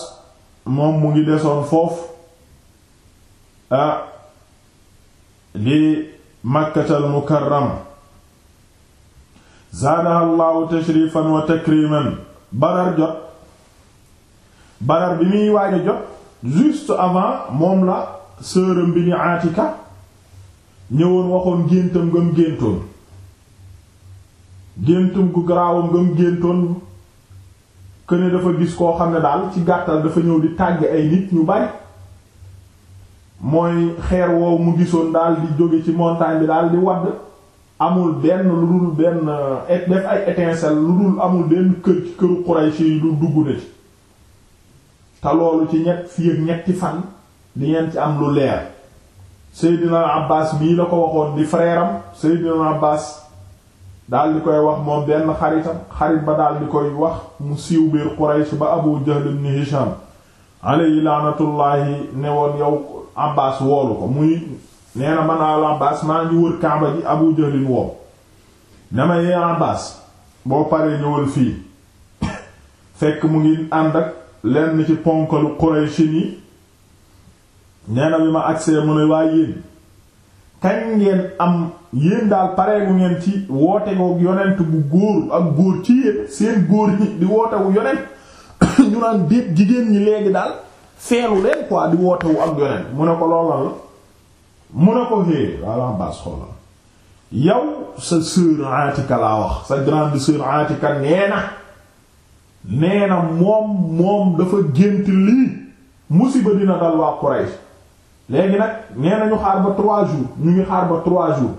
moom mu ngi desoon foofu ah li makkatal mukarrama zaadaha llahu tashrifan wa takriman badar jot badar bi muy waaj a jot juste avant moom la sëram bi ñu aatika ñëwoon waxoon géntam ngam géntoon géntum gu garaawam ngam géntoon këne dafa gis koo xam ne daal ci gàttal dafa ñëw di tàgg ay nit ñu bari mooy xeer woow mu gisoon daal di jóge ci montagne bi daal di wadd amul benn lu dul benn eh, def ay étincelle lu dul amul benn kër ci këru Qurayshi yi lu dugg na ci te loolu ci ñett fii ak ñetti fan di ngeen ci am lu leer Seydina Abbas mii la ko waxoon di frère am Seydina Abbas daal di koy wax moom benn xaritam xarit ba daal di koy wax mu siiw biir Quraysh ba Abu Jahl ibn Hisham alayhi laanatullaahi ne woon yow Abbas woolu ko muy nee na man al Abbas maa ngi wër Kaaba ji Abu Jahlin ne ma yee Abbas boo paree ñëwal fii <coughs> fekk mu ngi ànd ak lenn ci ponkalu Quraysh yi nee na bi ma agsee mu ne waaye yéen kañ ngeen am yéen daal pareegu ngeen ci woote ko yonent bu góor ak góor ci yéen seen góor ñi di wootewu wu yonent <coughs> ñu naan déet jigéen ñi léegi daal feelu leen quoi di woote wu ak yonent mu ne ko loolal la mu ne ko hé walla baas xoolal yow sa sœur Atika laa wax sa grande sœur Atika nee na nee na moom moom dafa gént lii musiba dina dal waa Quraysh léegi nag nee na ñu xaar ba trois jours ñu ngi xaar ba trois jours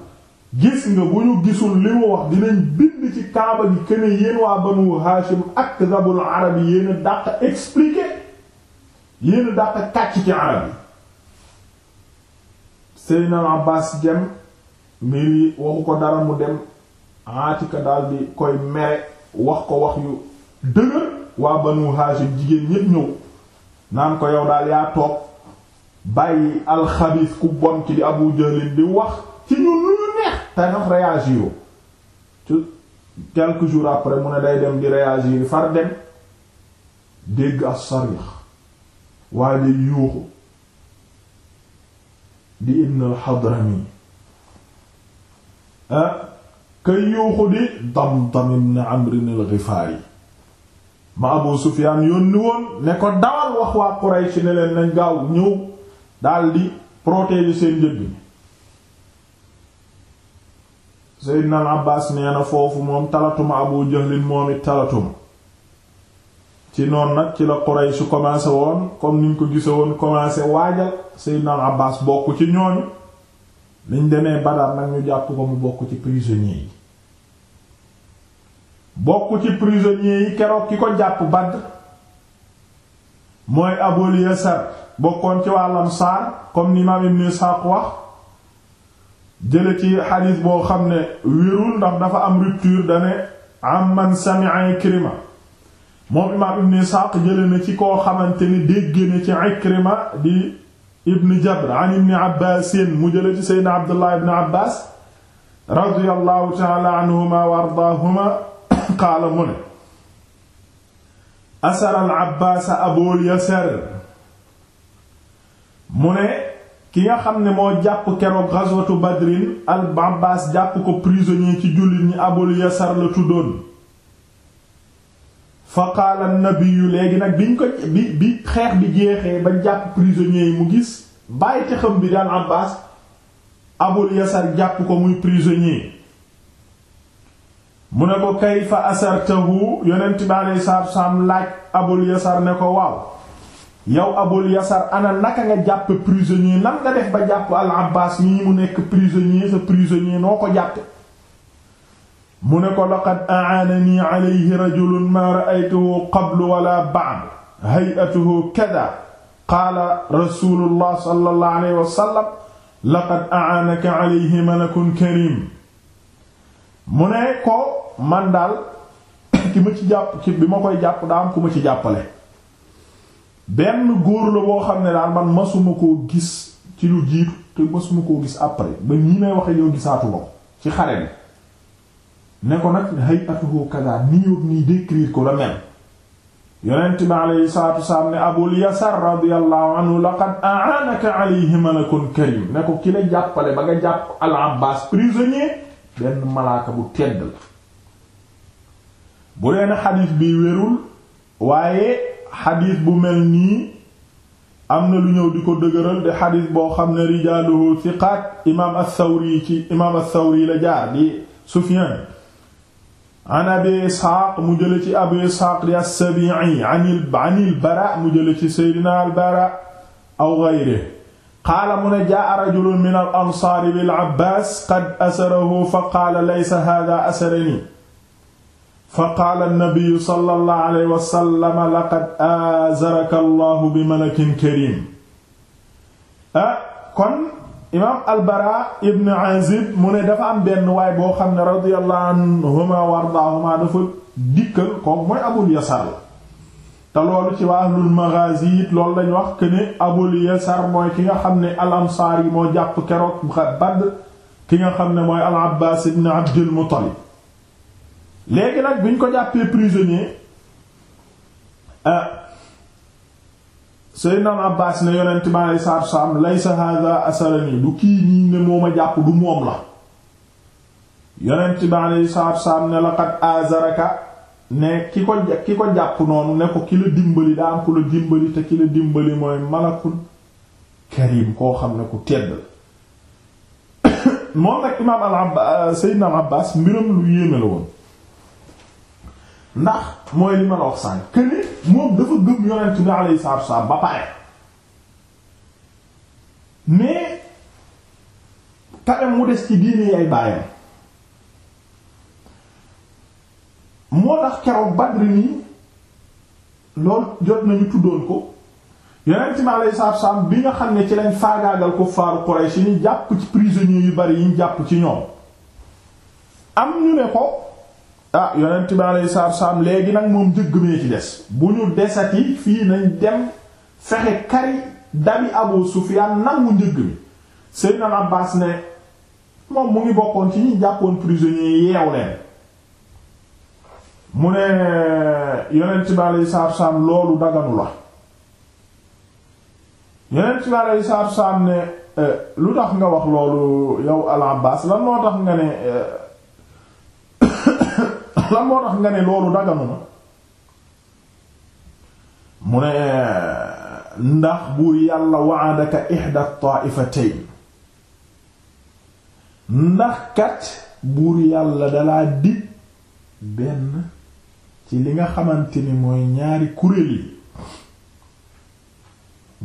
gis nga bu ñu gisul li mu wax dinañ bind ci kaaba gi këne yéen waa Banu Hashim akdabul arab yi yéen a dàq expliquer yéen a dàq kàcc ci arab yi Seynal Abbas mbir yi waxu ko dara mu dem Atika dal di koy mere wax ko wax yu dëgër waa Banu Haashim jigéen ñépp ñëw naan ko yow daal yaa toog bàyyi alxabis ku bon ci di Abu Jahl di wax ci ñun lu ñu neex te nag réagir ci quelques jours après mu ne day dem di réagir far dem dégg as-sarix waaye day yuuxu di ibn al-Hadrami ah kay yuuxu di Damdam ibn Amr al-Ghifari ma Abu Sufyaan yónni woon ne ko dawal wax waa Quraysh ne leen nañ gaaw ñëw daldi protéger seen njëgg Seydina al Abbaas nee foofu moom talatuma Abu Jahlin moom it talatuma ci noonu nag ci la su commencé woon comme niñ ko gise woon commencé waajal Seydina Abbas bokk ci ñooñu niñ demee Badar nag ñu jàpp ko mu bokk ci prisonniers yi bokk ci prisonniers yi keroog ki ko jàpp Badr mooy Abul Yasar bokkoon ci wàllam saar comme ni imaam Ibn Isaaq wax jële ci xadiis boo xam ne wérul ndax dafa am rupture dane amman sami'a Ikrima moom imaam ibn Isxaaq jële na ci koo xamante ni dégg na ci Ikrima di ibn Jabr an ibn Abbaas mu jële ci Seydina Abdullah ibn Abbaas radiyallahu ta'ala anhuma wa ardaahuma qaala mu ne asara al Abbaas Yasar mu ne ki nga xam ne moo jàpp keroog ghazwatu Badrin al Abbaas jàpp ko prisonnier ci jullit ñi abul Yasar la tuddoon fa qaala nabiyu léegi nag biñ ko bi bi xeex bi jeexee ba jàpp prisonnier yi mu gis bàyyi te xam bi daal Abbaas Abul Yasar jàpp ko muy prisonnier mu ne ko kayfa asartahu yonent bi aleyhi salaatu wasalaam laaj Abul Yasar ne ko waaw yow Abul Yasar ana naka nga jàpp prisonnier nan nga def ba jàpp al Abbaas nii mu nekk prisonnier sa prisonnier noo ko jàppe mu ne ko laqad acaananii calayhi rajulun maa ra'aytuhu qablu wala ba'd hay'atuhu kada qaala rasulullah sallallahu alayhi wa sallam laqad acaanaka calayhi malakun karim mu ne ko man daal ki ma ci jàpp bi ma koy jàpp daa am ku ma ci jàppale benn góor la boo xam ne daal man masuma koo gis ci lu jiitu te masuma koo gis après ba ñii may waxe yow gisaatu ko ci xare bi ne ko nag hay'atuhu kaza nii yoog nii décrire ko la mel yonent bi aleyhi salatu wasalaam ne abul yasar radiyallahu anhu laqad a'anaka alayhi malakun karim ne ko ki la jàppale ba nga jàpp al abbas prisonnier benn malaaka bu tedd la bu leen xadis bi wérul waaye xadis bu mel nii am na lu ñëw di ko dëgëral de xadis boo xam ne rijaaluhu thiqat imam as-sawri ci imam as-sawri la jaar di sufyan an abi isxaaq mu jële ci abu isxaaq di as-sabi'i anil bara mu jële ci seydina al bara aw gayre qaala mu ne jaa rajulun min al ansaari bil abbaas qad asarahu fa qaala laysa haadaa asarani fa qaala nabiyu sallallahu alayhi wa sallam laqad aazaraka allahu bi malakin karim ah kon imaam albara ibn azib mu ne dafa am benn waay boo xam ne radiyallahu anhuma wa ardaahuma dafa dikkal kooku mooy abul yasar la te loolu ci waa ahlul maghazi it loolu dañu wax que ne abul yasar mooy ki nga xam ne al yi moo jàpp keroog Badr ki nga xam ne mooy al abbaas ibn abdul muttalib léegi nag bi ñu ko jàppee prisonnier euh, Seydina Abbaas ne yonent bi alayhi salaatu wassalaam laysa haadha asarani du kii nii ne moo ma jàpp du moom la yonent bi alayhi salaatu wassalaam ne laqad azaraka ne ki ko ki jàpp noonu ne ko ki la dimbali daa am ku la dimbali te ki dimbali mooy malakul karim koo xam ne ku tedd la <coughs> moom nag imaam al Abbaas Seydina Abbaas mbiram lu yéeme la woon ndax mooy li ma wax sànq que ni moom dafa gëm yonent bi alayhi salaatu wasallam ba pare mais tamit mu des ci diine yi ay baayam moo tax keroog Badr nii loolu jot nañu tuddoon ko yonent bi alayhi salaatu wasallam bi nga xam ne ci lañ faagaagal ko faaru Quraysh ni jàpp ci prisonniers yu bari yi ñu jàpp ci ñoom am ñu ne ko. ah yonent bi alayhi salaatu salaam léegi nag moom njëgg mee ci des bu ñu desati fii nañ dem fexe kari dabi Abu Sufyaan nangu njëgg mi Seydina Abbaas ne moom mu ngi bokkoon ci ñi jàppoon prisonnier yeew leen mu ne yonent bi alayhi salaatu loolu daganu la yonent bi alayhi salaatu ne eh, lu tax nga wax loolu yow al Abbaas lan tax nga ne eh, lan moo tax nga ne loolu daganu na mu ne ndax buur yàlla wa'adaka ihda taa'ifatayn ndax kat buur yàlla dalaa dig benn ci li nga xamante ni mooy ñaari kuréel yi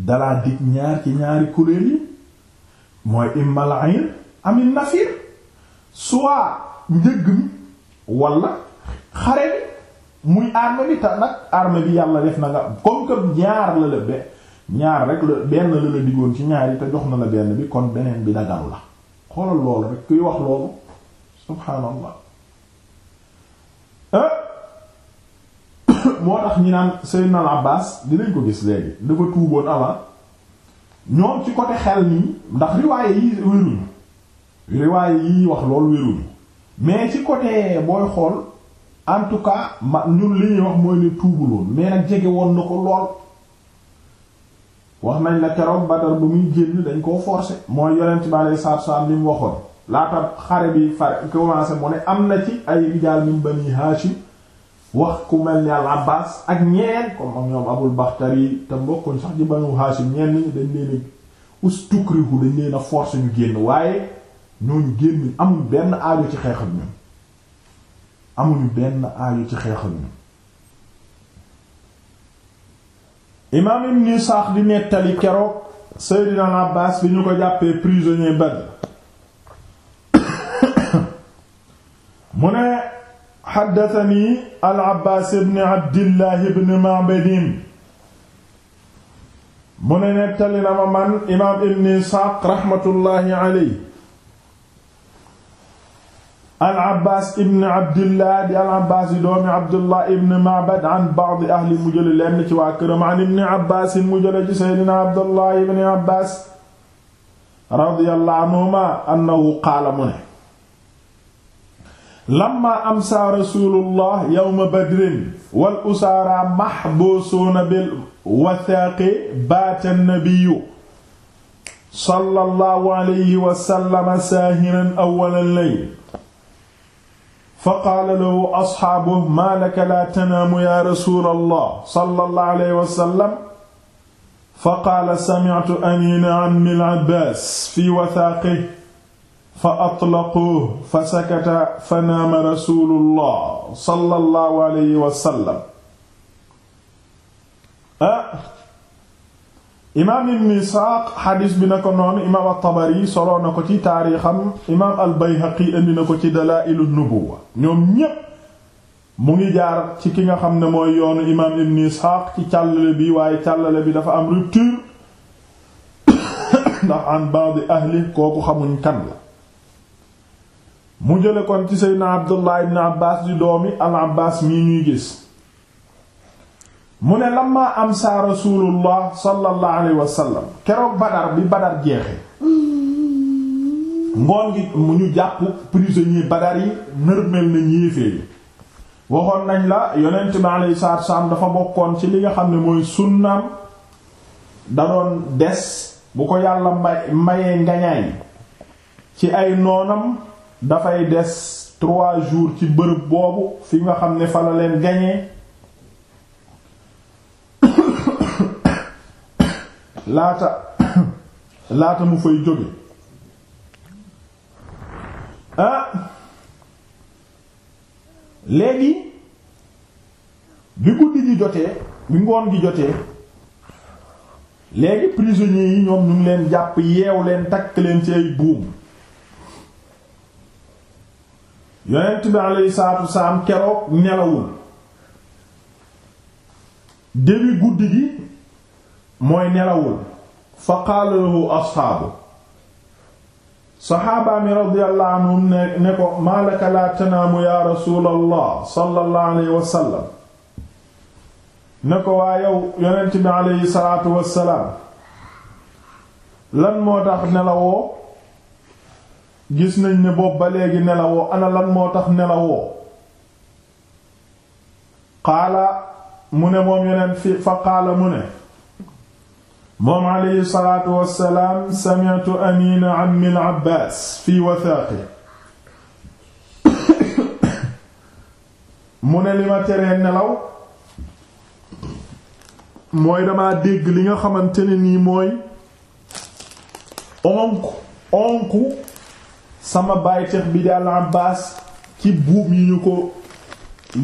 dalaa dig ñaar ci ñaari kuréel yi mooy immal ayn amin nafir soit njëgg mi walla xare bi muy arme bi ta nag arme bi yàlla def na nga comme que ñaar la la be ñaar rek la benn la la diggoon ci ñaar te jox na la benn bi kon beneen bi dagaru la xoolal loolu rek kuy wax loolu subhaanallah ah! <coughs> moo tax ñi naan Seydina Abbas dinañ ko gis léegi dafa tuuboon avant ñoom ci côté xel nii ndax riwaaye yi wéruñu riwaaye yi wax lool wéruñu mais ci côté booy xool en tout cas ma ñun li ñuy wax mooy ne tuubuloon mais nag jege woon na ko lool wax nañ la keroog Badar bu muy génn dañ koo forcer mooy yonent bi alei saatu salaam li mu waxoon laata xare bi far commencé mu ne am na ci ay rijaal min bani Haashim wax ku mel ni al Abbaas ak ñeen comme ak ñoom Abul Baxtari te mbokkuñ sax ci banu Haashim ñeen ñi dañ leen a ustukrihu dañ leen a forcer ñu génn waaye ñooñu génn amul benn aajo ci xeexam ñun amuñu benn aayu imaam ibn Isaaq di nettali keroog Seydina Abbaas bi ñu ko jàppee prisonnier Badr <coughs> mu ne xaddatani al Abbaas ibn Abdillah ibn Ma'badin mu ne nettali na ma man imaam ibn Isaaq raxmatullaahi alayhi al-Abbaas ibn Abdillah di al-Abbaas di doomi Abdullah ibn Ma'bad an ba'd ahli mu jële lenn ci waa këram an ibn Abbaas mu jële ci Seydina Abdullah ibn Abbaas radiyallahu anhuma annahu qaala mu ne lamma amsa rasulullah yawma badrin wal usaara mahbuusuuna bil wathaaqi baata nabiyyu sallallahu alayhi wa sallam saahiran awwalal layl fa qaala lahu asxaabuhu maa laka laa tanaamu yaa rasuulallah sallallahu alayhi wa sallam fa qaala sami'tu aniina ammi al-Abbaas fii wasaaqihi fa atlaquuhu fa sakata fa naama rasuulullah sallallahu alayhi wa sallam ah imaam ibn Isxaaq xadiis bi na ko noonu imaam at-Tabari soloo na ko ci taarixam imaam al-Bayhaqi indi na ko ci Dalaa'ilu nubuwa ñoom ñépp mu ngi jaar ci ki nga xam ne mooy yoonu imaam ibn Isxaaq ci càllale bi waaye càllale bi dafa am rupture <coughs> ndax an ba'd ahli kooku xamuñ kan la mu jële kon ci Seydina Abdullah ibn Abbaas di doomi al-Abbaas mii ñuy gis mu ne lamma am rasulullah sallallahu alayhi wa sallam keroog badar bi badar jeexee ngoon gi mu ñu jàpp prisonnier badar yi nërmel na ñéefee yi waxoon nañ la yonent bi alayhi salaatu salaam dafa bokkoon ci li nga xam ne mooy sunnaam da doon des bu ko yàlla may mayee ngañaay ci ay noonam dafay des trois jours ci bërëb boobu fi nga xam ne fa la leen gañee laata <coughs> laata mu fay jóge ah léegi bi guddi gi jotee bi ngoon gi jotee léegi prisonniers yi ñoom ñu leen jàpp yeewu leen takk leen ci ay buum yonent bi alayhi salaatu wasalaam keroog nelawul début guddi gi mooy nelawul fa qaala lahu asxaabu saxaabaa mi radiyallahu anhum ne ne ko maalaka laa tanaamu yaa rasuulallah sallallahu alayhi ne ko waa yow yonent bi alayhi salaatu wassalaam lan moo tax nelawoo gis nañ ni boobu ba léegi nelawoo ana lan moo tax nelawoo qaala mu ne moom yonent fi fa qaala mu ne moom alayhi salaatu wassalaam sami'tu amiina ammi al-Abbaas fii wathaaqi <coughs> mu ne li ma teree nelaw mooy dama dégg li nga xamante ne nii mooy onk onk sama bàyteex bi di al-Abbaas ci buum yi ñu ko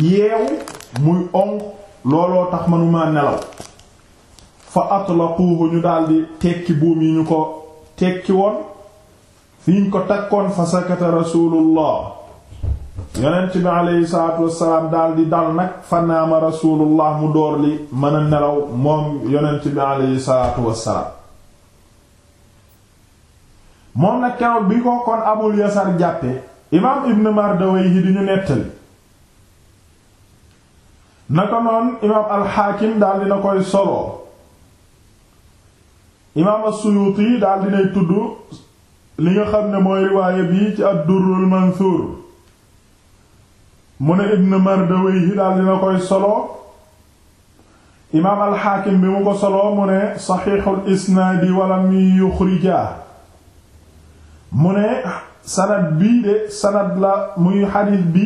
yeewu muy onk looloo tax manuma nelaw fa atlaquhu ñu daldi tekki buum yi ñu ko tekki woon fiñ ko takkoon fa sakata rasulullah yonent bi salaatu wassalaam daldi dal nag fa naama rasulullah mu door li mën a nelaw moom yonent bi aleyhi salaatu wassalaam moom nag keroog bi ko kon abul yasar jàppe imaam ibn Mardawayhi di ñu nettali naka noon imaam alxaakim daldi na koy solo imaam as-Suyuuti daal dinay tudd li nga xam ne mooy riwaaya bi ci ad-Durrul Mansuur mu ne Ibn Mardawayhi daal dina koy solo imaam al-Haakim bi mu ko solo mu ne saxiixul isnaadi walam yuxrijaa mu ne sanad bii de sanad la muy xadiis bi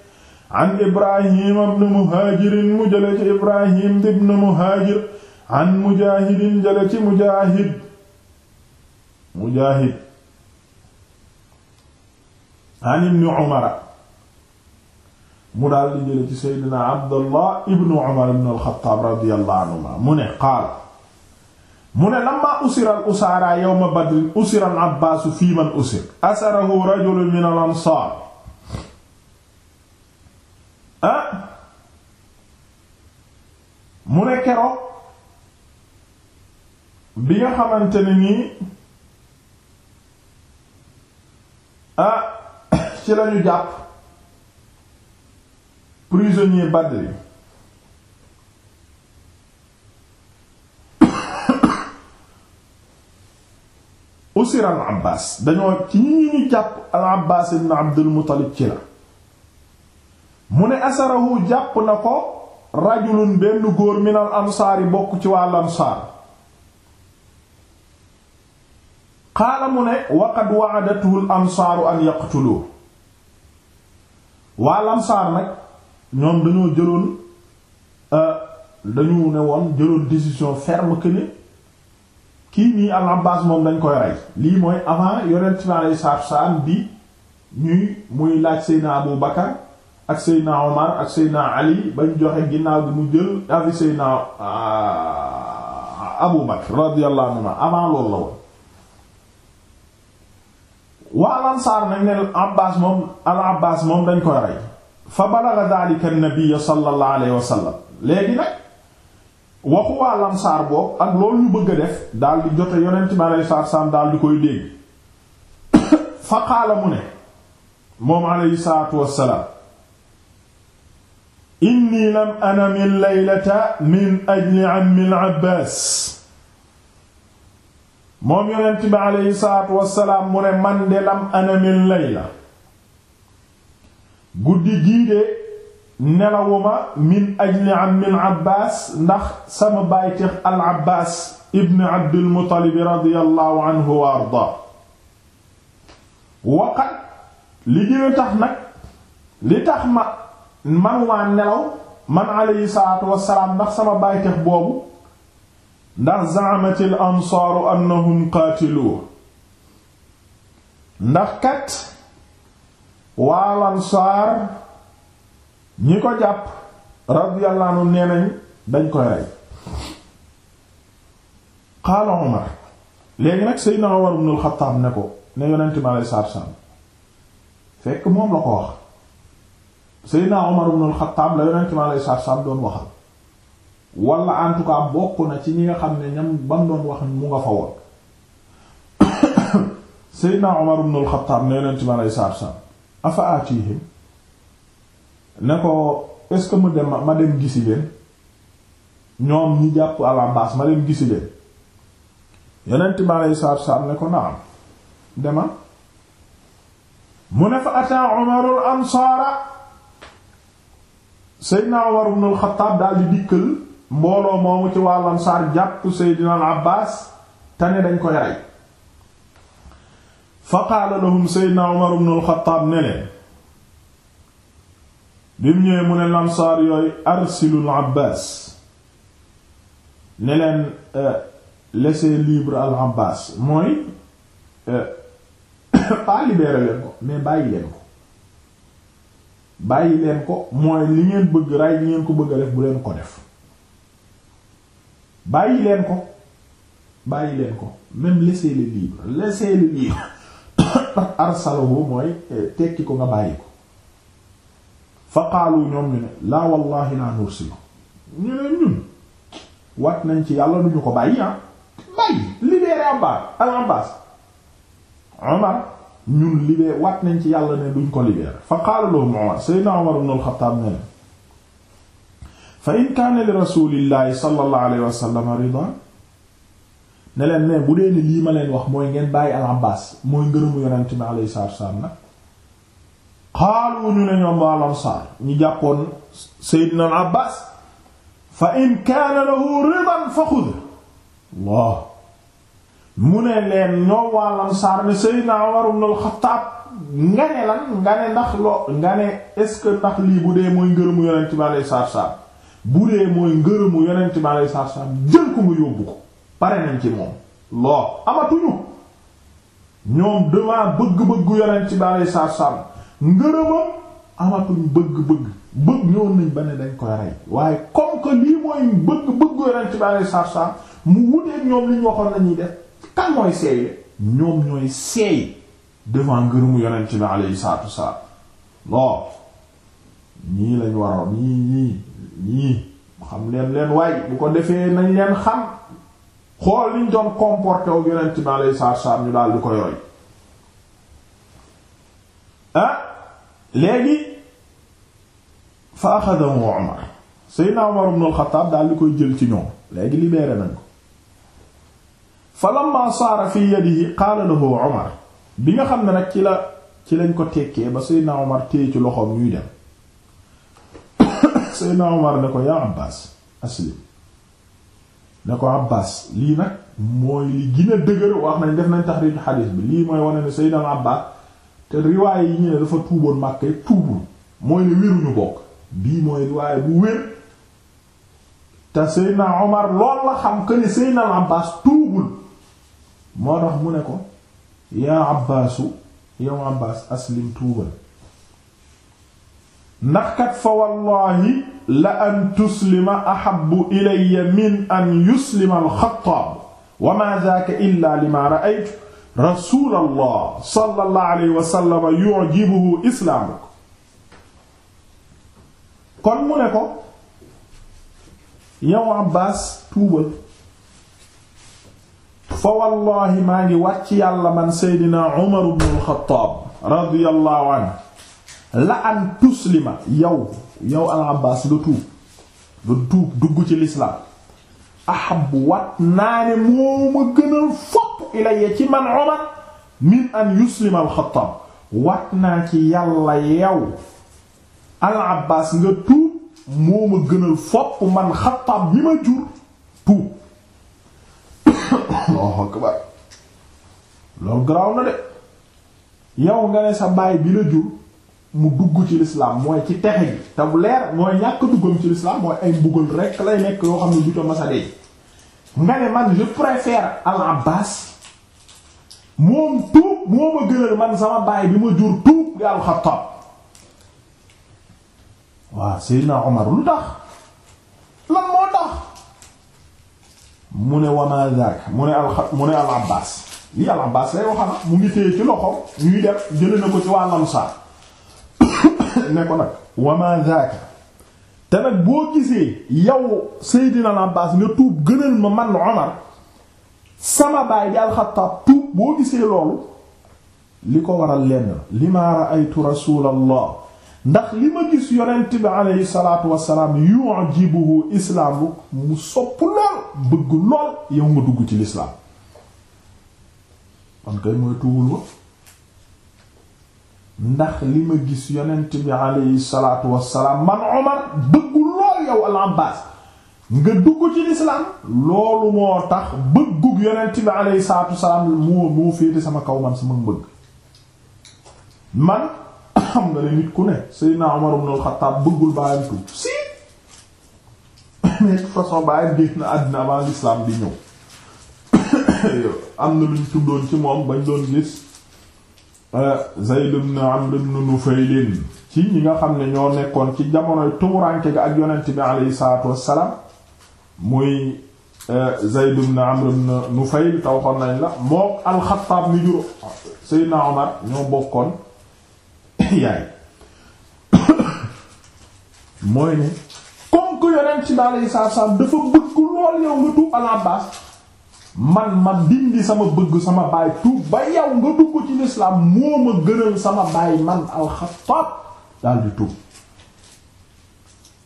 an ibrahim ibn muhajirin mu jële ci ibrahim ibn muhajir an mujahidin jële ci mujahid mujahid an ibn umara mu daal di jële ci seydina abdullah ibn umar ibn alxataab radiyallahu anhuma mu ne qaala mu ne lamma usiral usaara yawma badrin usiral abbaasu fii man usir asarahu rajulun min al ansaar ah mu ne keroog bi nga xamante ne nii ah <coughs> ci lañu jàpp prisonnier Badri <coughs> usir al Abbas dañoo ci ñi ñu jàpp al Abbas ibn Abdul Muttalib ci la mu ne asarahu jàpp na ko rajulun benn góor minal saari bokk ci wàll ansaar xaala mu ne waqad waadatuhul ansaaru an yaqtulu wàll ansaar nag ñoom dañoo jëloon euh, dañu ne woon jëloon décision ferme que kii nii al Abbaas moom dañ koy rey lii mooy avant yonent bi alayhi salaatu wa salaam bi ñuy muy laaj Seydina Abu Bakar ak Seydina Omar ak Seydina Ali bañ joxe ginnaaw bi mu jël afi Seydina ah, Abu Bakr radiyallahu anhu avant loolu la woon waa lansaar nañ ne Abbaas moom al Abbaas moom dañ koy rey fa balagha dhalika an-nabiy sallallahu alayhi wa sallam léegi nag waxu waa lansaar boobu ak loolu ñu bëgg a def daal di jote yonent bi alayhi salaatu salaam daal di koy dégg <coughs> fa qaala mu ne moom alayhi salaatu wassalaam inni lam anamil laylata min ajli ammil abbaas moom yonent mu ne man de lam anamil layla guddi gii de nelawuma min ajli ammil abbaas ndax sama bàyteex al abbaas ibn abdul muttalib radiyallahu anhu wa ardaa waqat li gën tax nag li tax ma man waa nelaw man alayhi salaatu wassalaam ndax sama bàyteef boobu ndax zaamatil ansaaru annahum qaatiluhu ndax kat waal ansaar ñi ko jàpp radiyallahu anhu nee nañ dañ koy rey qaala Umar léegi nag Seydina Umar ibn al-Khattab ne ko ne yonent mi alayhi salaatu wassalaam fekk moom la ko wax Seydina Omar ibn la yonent mi alayhi salaatu salaam doon waxal wala en tout cas bokk na ci ñi nga xam ne ñam ba mu doon wax mu nga fa woon <coughs> Seydina Omar ibn al ne yonent mi alayhi salaatu salaam ne ko est-ce que mu dem ma dem gisi leen ma dem mu ne fa ataa Umarul ansaara Seydina Umar ibn al-Khattab daal di dikkal mbooloo moomu ci wàllam saar jàpp Seydina al-Abbaas te ne dañ koy rey fa qaala lahum Seydina Umar ibn al ne leen bi mu ñëwee mu ne lamsaar yooyu arsilu abbaas ne leen euh, laissez libre al-Abbaas mooy euh, <coughs> pas leen ko mais bàyyi leen ko bàyyi leen ko mooy li ngeen bëgg ray li ngeen ko bëgg a def bu leen ko def bàyyi leen ko bàyyi leen ko même laissez-le libre laissez-le libre <coughs> arsalahu mooy eh, tekki ko nga bàyyi ko fa qaalu ñoom ñu ne laa wallahi laa nursilu ñu ne ñun wat nañ ci yàlla duñu ko bàyyi ah bàyyi libéré Abbas al Abbas Omar ñun libérer waat nañ ci yàlla ne duñ ko libérer fa qaala lahum Umar sayyidina Umar ibn al-Khattab ne fa in kaana li rasulillahi sallallahu alayhi wa sallam rida ne bu dee ni lii ma leen wax mooy ngeen bàyyi al-Abbaas mooy ngërëmu yonent bi alayhi salaatu wassalaam nag xaalu ñu ne ñoom waa Ansaar ñu jàppoon sayyidina al-Abbaas fa in kaana lahu ridan fa xud Allah mu ne leen ñoo wàllam saar ne Seydina Umar ibn al-Khattab nga ne lan nga ne ndax loo nga ne est-ce que ndax lii bu dee mooy ngërëmu yonent bi aleyhi salaatu salaam bu mooy ngërëmu yonent bi aleyhi salaatu salaam jël ko nga yóbbu ko pare amatuñu bëgg-bëgg yonent bi aleyhi salaatu salaam ngërëmam amatuñ bëgg-bëgg bëgg ñoon nañ ba ne dañ koy rey waaye comme que lii mooy bëgg-bëgg yonent bi aleyhi salaatu salaam mu wuteeg ñoom li ñu lañuy def kan mooy seey ñoom ñooy seey devant ngërëmu yonent bi alayhi salaatu wasalaam non ñii lañ waroon ñii ñii ñii xam leen leen waaye bu ko defee nañ leen xam xool liñ doon comporté wu yonent bi alayhi salaatu wasalaam ñu daal di ko yooy ah léegi fa moo Umar Seydina Umar ibn al daal di koy jël ci ñoom léegi libéré nañ ko fa lamma saara fi yadihi qaala lahu Umar bi nga xam ne nag ci la ci lañ ko tekkee ba Seydina Umar téye ci loxoom ñuy dem <coughs> Seydina Umar ne ko yaa Abbaas aslim ne ko Abbaas lii nag mooy li gën a dëgër wax nañ def nañ taxriij xadiis bi lii mooy wane ne Seydina Abbaas te riwaay yi ñu ne dafa tuuboon Makka tuubul mooy ne wéruñu bokk bii mooy riwaay bu wér te Seydina Umar lool la xam que ne Abbaas tuubul moo tax mu ne ko yaa abbaasu yow abbaas aslim tuubal ndax kat fa wallahi la an tuslima ahabbu ilayya min an yuslima alxattaab wa maa daaka illa lima ra'aytu rasulallah sallallahu alayhi wa sallam yu'jibuhu islaamuk kon mu ne ko yow abbaas tuubal fa wallahi maa ngi waat ci yàlla man seydina Umar ibn al-Khattab radiyallahu anhu la an tuslima yow yow al-Abbaas nga tuub nga tuub dugg ci lislaam ahabbu wat naa ne moo ma gënal fopp ilayya ci man Umar min an yuslima al-Khattab wat naa ci yàlla yow al-Abbaas nga tuub moo ma gënal fopp man Xattaab mi ma jur Allahu akbar loolu garaaw na de yow nga ne sa baay bi la jur mu dugg ci lislaam mooy ci texe gi te bu mooy ñàkk duggam ci lislaam mooy ay mbugal rek lay nekk yoo xam ne du ta masa dey nga ne man je préfère al Abbas moom tuub moo ma gënal man sama baay bi ma jur tuub di al Xattaab waaw Seydina lu tax lan moo tax mu ne wama zaak mu ne al mu ne al Abbaas lii al Abbaas lay waxana ah, mu ngi téye ci loxo ñuy def jële na ko ci waa Ansaar <coughs> ne ko nag wama zaak te nag boo gisee yow Seydina al Abbaas nga tuub gënal ma man Omar sama baay di alxataab tuub boo gisee loolu li ko waral lenn li ma ra'aytu rasuulallah ndax li ma gis yonent bi aleyhi salaatu wassalaam yu'jibuhu islaamu mu sopp lool bëgg lool yow nga dugg ci lislaam man kay mooy li ma gis yonent bi aleyhi salaatu wassalaam man Omar bëgg lool yow al-Abbaas nga dugg ci lislaam loolu moo tax bëggug yonent bi aleyhi salaatu wassalaam moo moo féete sama kaw man sama mbëgg man xam na ne nit ku ne Seydina Umar ibn al-Khattab bëggul bàyyam tuub si mais façon bàyyam génn na àddina avant l'islam ñëw am na luñ tuddoon ci moom bañ doon euh, ci ñi xam ne ñoo nekkoon ci jamonoy tumuranke ak yonent bi alayhi salaatu wassalaam muy euh, Zayd ibn Amr ibn taw xon nañ la moom al-Khattab mi jur Seydina Umar ñoo bokkoon yaay <coughs> mooy ne comme que yonent ci daal yi saaf saaf dafa bëgg lool yow nga tuub al man ma dindi sama bëgg sama baay tuub ba yow nga dugg ci lislaam moo ma gënal sama baay man al-Xattaab daal di tuub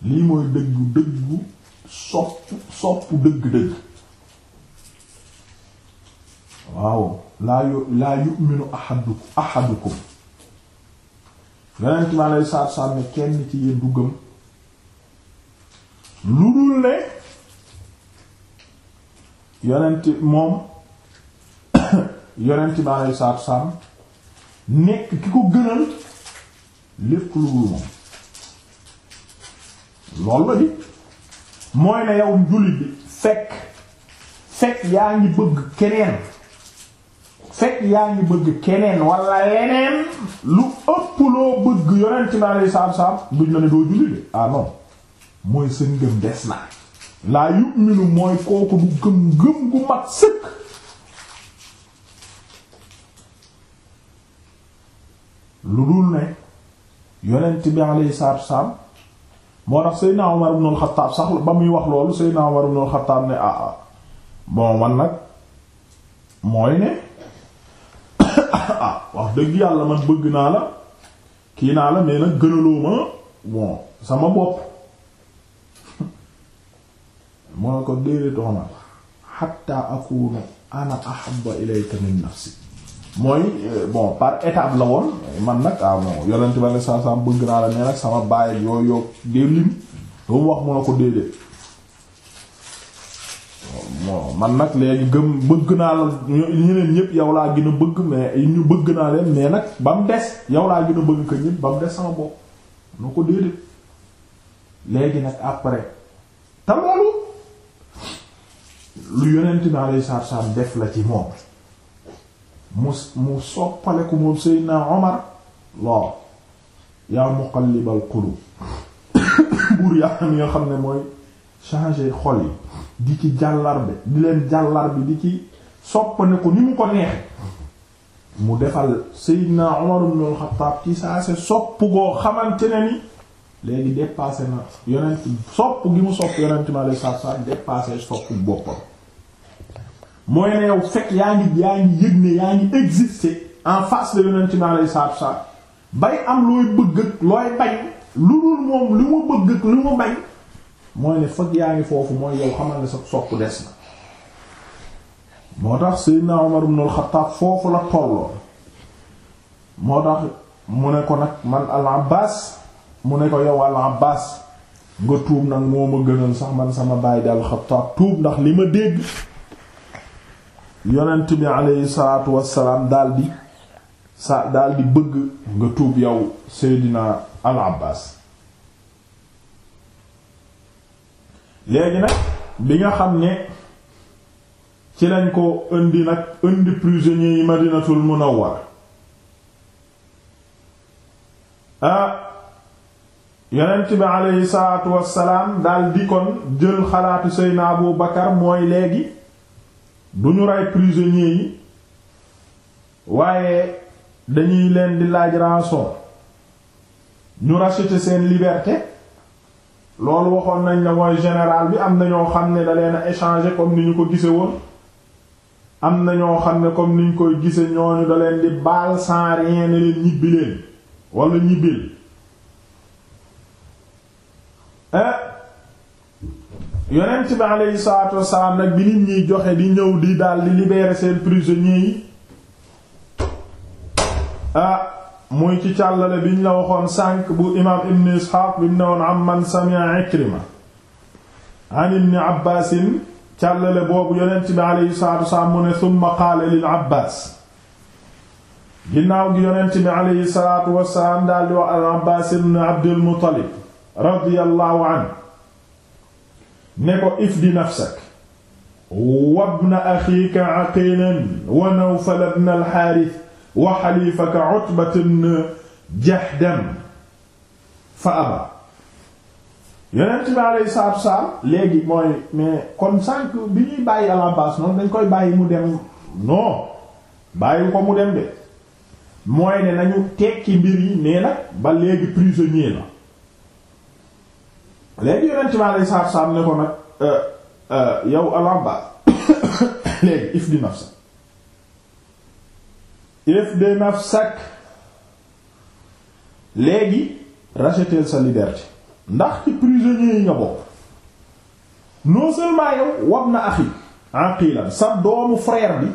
lii mooy dëggu dëggu sopp sopp dëgg-dëgg waaw laa yu laa yu'minu ahadukum ahadukum yonent mi aleyhi salaatu salaam ne kenn ci yéen gëm lu dul ne yonent moom <coughs> yonent mi aleyhi salaatu salaam nekk ki ko gënal lépp lu dul moom loolu la di mooy ne yow jullit bi fekk fekk yaa ngi bëgg keneen fekk yaa ngi bëgg keneen wala leneen lu ëpp loo bëgg yonent ci lay saam-saam duñ la ne ah non mooy sa ngëm des na laa yu'minu mooy kooku du gëm gëm gu mat sëkk lu dul ne yonent bi alayhi salaatu wassalaam moo tax Seydina Umar ibn al-Khattab sax ba muy wax loolu Seydina Umar ibn al-Khattab ne ah ah bon man nag mooy ne wax dëgg yàlla man bëgg naa la kii naa la nee na gënaloo ma bon sama bopp <laughs> moo ko déedéet wax na hatta akunu ana ahabba ilayka min nafsi mooy euh, bon par étape la woon man nag ah bon yonent ba ne saa saa bëgg naa la nee nag sama baay yooyu yow de lim ba mu wax ko déedéet bon man nag léegi gëm bëgg naa la yow laa gën a bëgg mais ñu bëgg naa mais nag ba yow laa gën bëgg ko ñépp ba mu des sama ko déedéet léegi nag après te loolu lu yonent bi alayhi la ci moom mu mu soppale ko moom Seydina Omar waaw yaa muqallibal qulub <coughs> buur yaa nga xam ne mooy changer xol yi di ci jàllarbe di leen jàllarbe di ci soppane ko ni mu ko neex mu defal Seydina Umar ibn al-Khattab ci saa se sopp goo xamante ne ni léegi dépassé na yonent sopp gi mu sopp yonent ma lay saab saab dépassé sopp boppam mooy ne yow fekk yaa ngi yaa ngi yëg ne yaa ngi exister en face de yonent ma lay saab saab bay am looy bëgg ak looy bañ lu dul moom lu mu bëgg lu mu bañ mooy ne fag yaa ngi foofu mooy yow xamal ne sa sopp des na moo tax Seydina Umar ibn al foofu la tolloon moo tax mu ne ko nag man al-Abbas mu ne ko yow al-Abbas nga tuub nag moo ma gënal sax man sama baay di al-Khattab tuub ndax li ma dégg yonent bi aleyhi salaatu wassalaam daal di sa daal di bëgg nga tuub yow Seydina al-Abbas léegi nag bi nga xam ne ci lañ ko indi nag indi prisonniers yi Madinatul Munawwar ah yonent bi aleyhi salaatu wassalaam dal di kon jël xalaatu Seydina Abu Bakar mooy léegi du ñu rey prisonniers yi waaye dañuy leen di laaj rançon ñu racheter seen liberté loolu waxoon nañ la mooy général bi am na ñoo xam ne da leen a échanger comme ni ñu ko gise woon am na ñoo xam ne comme ni ñu koy gise ñoo da leen di baal sans rien ne leen ñibbi leen wala ñibbil eh? yonent bi aleyhi salaatu wasalaam nag bi nit ñiy joxe di ñëw di daal di libérer seen prisonniers yi ah muy ci càllale biñ la waxoon sànq bu imaam ibn isxaaq bi mu newoon am man sami'a ikrima an ibni abbaasin càllale boobu yonent bi aleyhi salaatu wasalaam mu ne summa qaala lil abbaas ginnaaw gi yonent bi aleyhi daal di wax al abbaas ibn abdul muttalib radiyallahu anhu ne ko ifdi nafsak wabna axiika aqiilan wa nawfal ibn al wa xalifaka Utbata ibn Jahdam fa aba yonent bi alayhi salaatu léegi mooy mais kon sànq bi ñuy bàyyi al noonu dañ koy bàyyi mu dem non bàyyi ko mu dem de mooy ne nañu tekki mbir yi nee nag ba léegi prisonnier la léegi yonent bi alayhi salaatu ne ko nag euh, euh, yow al <coughs> léegi if di nafsa ifde nafsak léegi racheter sa liberté ndax ci prisonnier yi nga bokk non seulement yow wab na axi aqilan sa doomu frère bi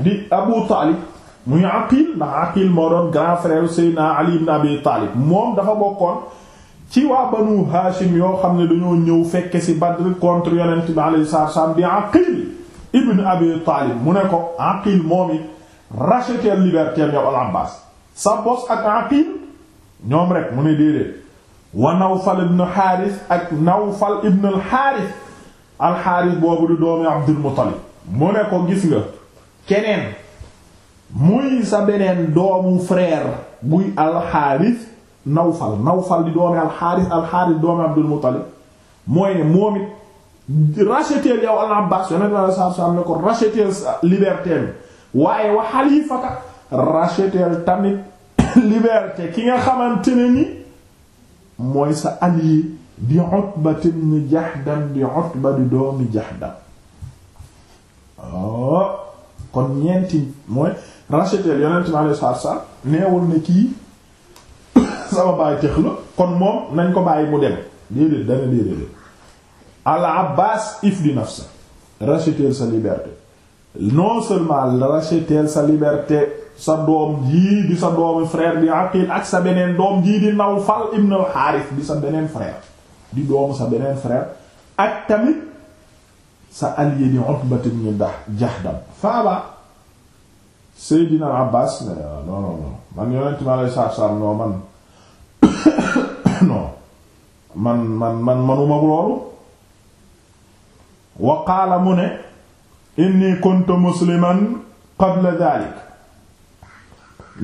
di Abu Talib muy aqil ndax aqil moo doon grand frère Seydina Ali ibn Abi Talib moom dafa bokkoon ci waa banu Hashim yoo xam ne dañoo ñëw fekke ci Badr contre yonent bi alayhi salaam bi aqil ibn Abi Talib mu ne ko aqil moom it racheter liberté yow al Abbaas sa bos ak Aqil ñoom rek mu ne déedéet wa Nawfal ibn Haaris ak Nawfal ibn al Haaris boobu di doomi Abdul mu ne ko gis nga keneen muy sa beneen doomu frère buy al Nawfal Nawfal di doomi al Haaris doomi Abdul mooy ne moom it racheter yow al Abbaas yonent bi sallallahu alayhi ne ko racheter liberté waaye wa xalifaka rachetel tamit <coughs> liberté ki nga xamante ne ni mooy sa allié di Utba ibn Jahdam di Utba doomi Jahdam oh, kon ñeenti mooy rachetel yonent mi alei satu salam neewul ne kii <coughs> sama baay tëx kon moom nañ ko bàyyi mu dem déedéet dana déedéet al Abbas if di nafsa rachetel sa liberté non seulement racheter sa liberté sa doom jii di sa doomi frère bi Aqil ak sa beneen doom jii di Nawfal ibn al-Harith di sa beneen frère di doomu sa beneen frère ak tamit sa allié di Utbat ibn Jahdam faaba Seydina Abbas euh, non <coughs> non man man man manuma loolu wa qaala mu ne inni kuntu musliman qabla dhalik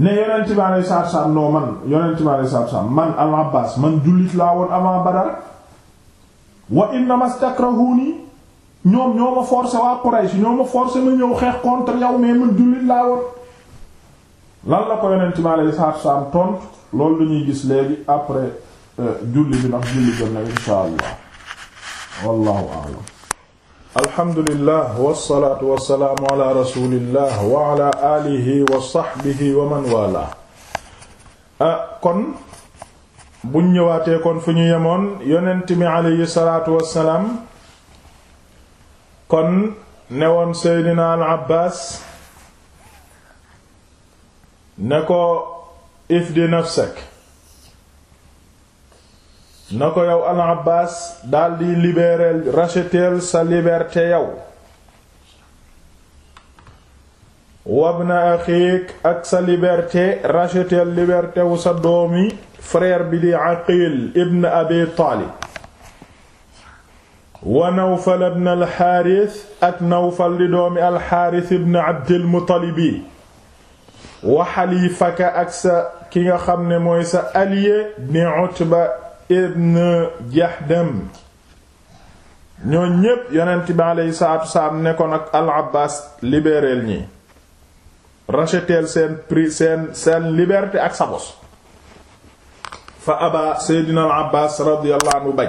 ne yonent bi alayhi salaatu salaam noo man yonent bi alayhi salaatu salaam man al Abbaas man jullit laa woon avant Badar wa innama stakrahuni ñoom ñoo ma forcé waa Quraysh ñoo ma forcé ma ñëw xeex contre yow mais man jullit laa woon lan la ko yonent bi alayhi salaatu salaam tontu loolu lu ñuy gis léegi après euh, julli bi ndax julli bi nag insha allah wallahu a'lam alhamdulillah wasalaatu wasalaamu ala rasulillah wa ala alihi wa sahbihi wa man wala ah, kon buñ ñëwaatee kon fu ñu yemoon yonent mi alayhi salaatu wasalaam kon newoon seydina al abbas ne ko ifdi nafsak na ko yow al Abbaas daldi libérer racheter sa liberté yow wabna axiik ak sa liberté racheter liberté wu sa doomi frère bi di Aqiil ibn Abi Taalib wa Nawfal ibn al-Haaris ak Nawfal di doomi al-Haaris ibn Abdil Muttalibi wa xaliifaka ak sa ki nga xam ne mooy sa allié ni Utba ibn jahdam ñoo ñépp yonent bi aleyhi salaatu salaam nekkoon ak al abbas libéréel ñi rachetel seen prix seen seen liberté ak sa fa aba seydina al abbas radiyallahu bañ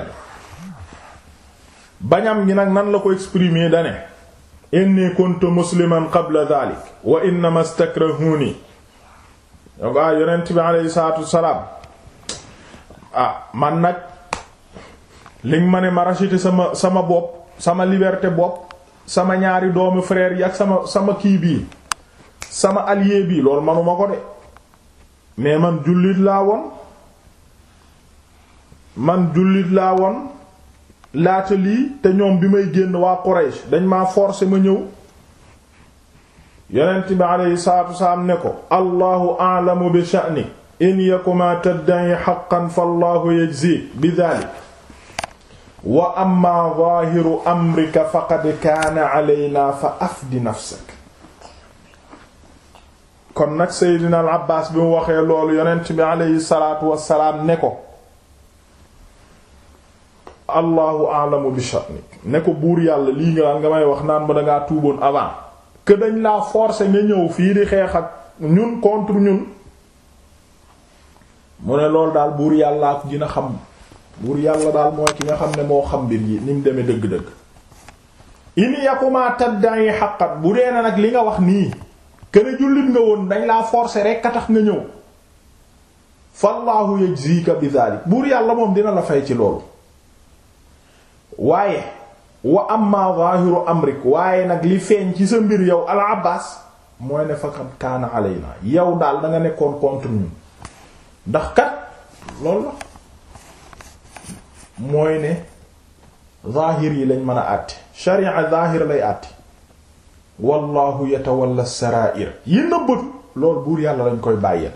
bañam gi nag nan la ko exprimer dane inni kuntu musliman qabla dhalik wa innama istakrahuni yonent bi aleyhi salaatu salaam ah man nag liñ ma ne ma racheter sama sama bopp sama liberté bopp sama ñaari doomu frère yi ak sama sama kii bii sama allié bii loolu manuma ko de mais man jullit laa woon man jullit laa woon laata lii te ñoom bi may génn waa Quraysh dañ ma forcer ma ñëw yonent bi aleyhi salaatu wasalaam ne ko allahu a'lamu bi sha'ni in yaku maa tadda'i haqqan fallaahu yajzi bi dhalik wa amma zaahiru amrika faqad kaana alaynaa fa afdi nafsak kon nag seydina al abbaas bi mu waxee loolu yonent bi aleyhi salaatu wassalaam ne ko allahu alamu bi sha'nik ne ko buur yàlla lii nga naan nga may wax naan ma dangaa tuuboon avant que laa forcer nga ñëw fii di xeex ak ñun contre ñun mu ne loolu daal buur yàlla ak dina xam buur yàlla daal mooy ki nga xam ne moo xam mbir yi ni mu demee dëgg-dëgg in yakuma tadda'i haqqat bu dee na nag li nga wax nii kene jullit nga woon dañ laa forcer rek ka tax nga ñëw fallahu yajzika bi dhalik buur yàlla moom dina la fay ci loolu waaye wa amma zahiru amrik waaye nag li feeñ ci sa mbir yow al mooy ne faqad kaana alayna yow daal danga nekkoon contre ñun ndax kat loolu la mooy ne zaahir yi lañ mën a àtte sharia zaahir lay àtte wallahu yatawalla sarair yi nëbbatu loolu buur yàlla lañ koy bàyyeel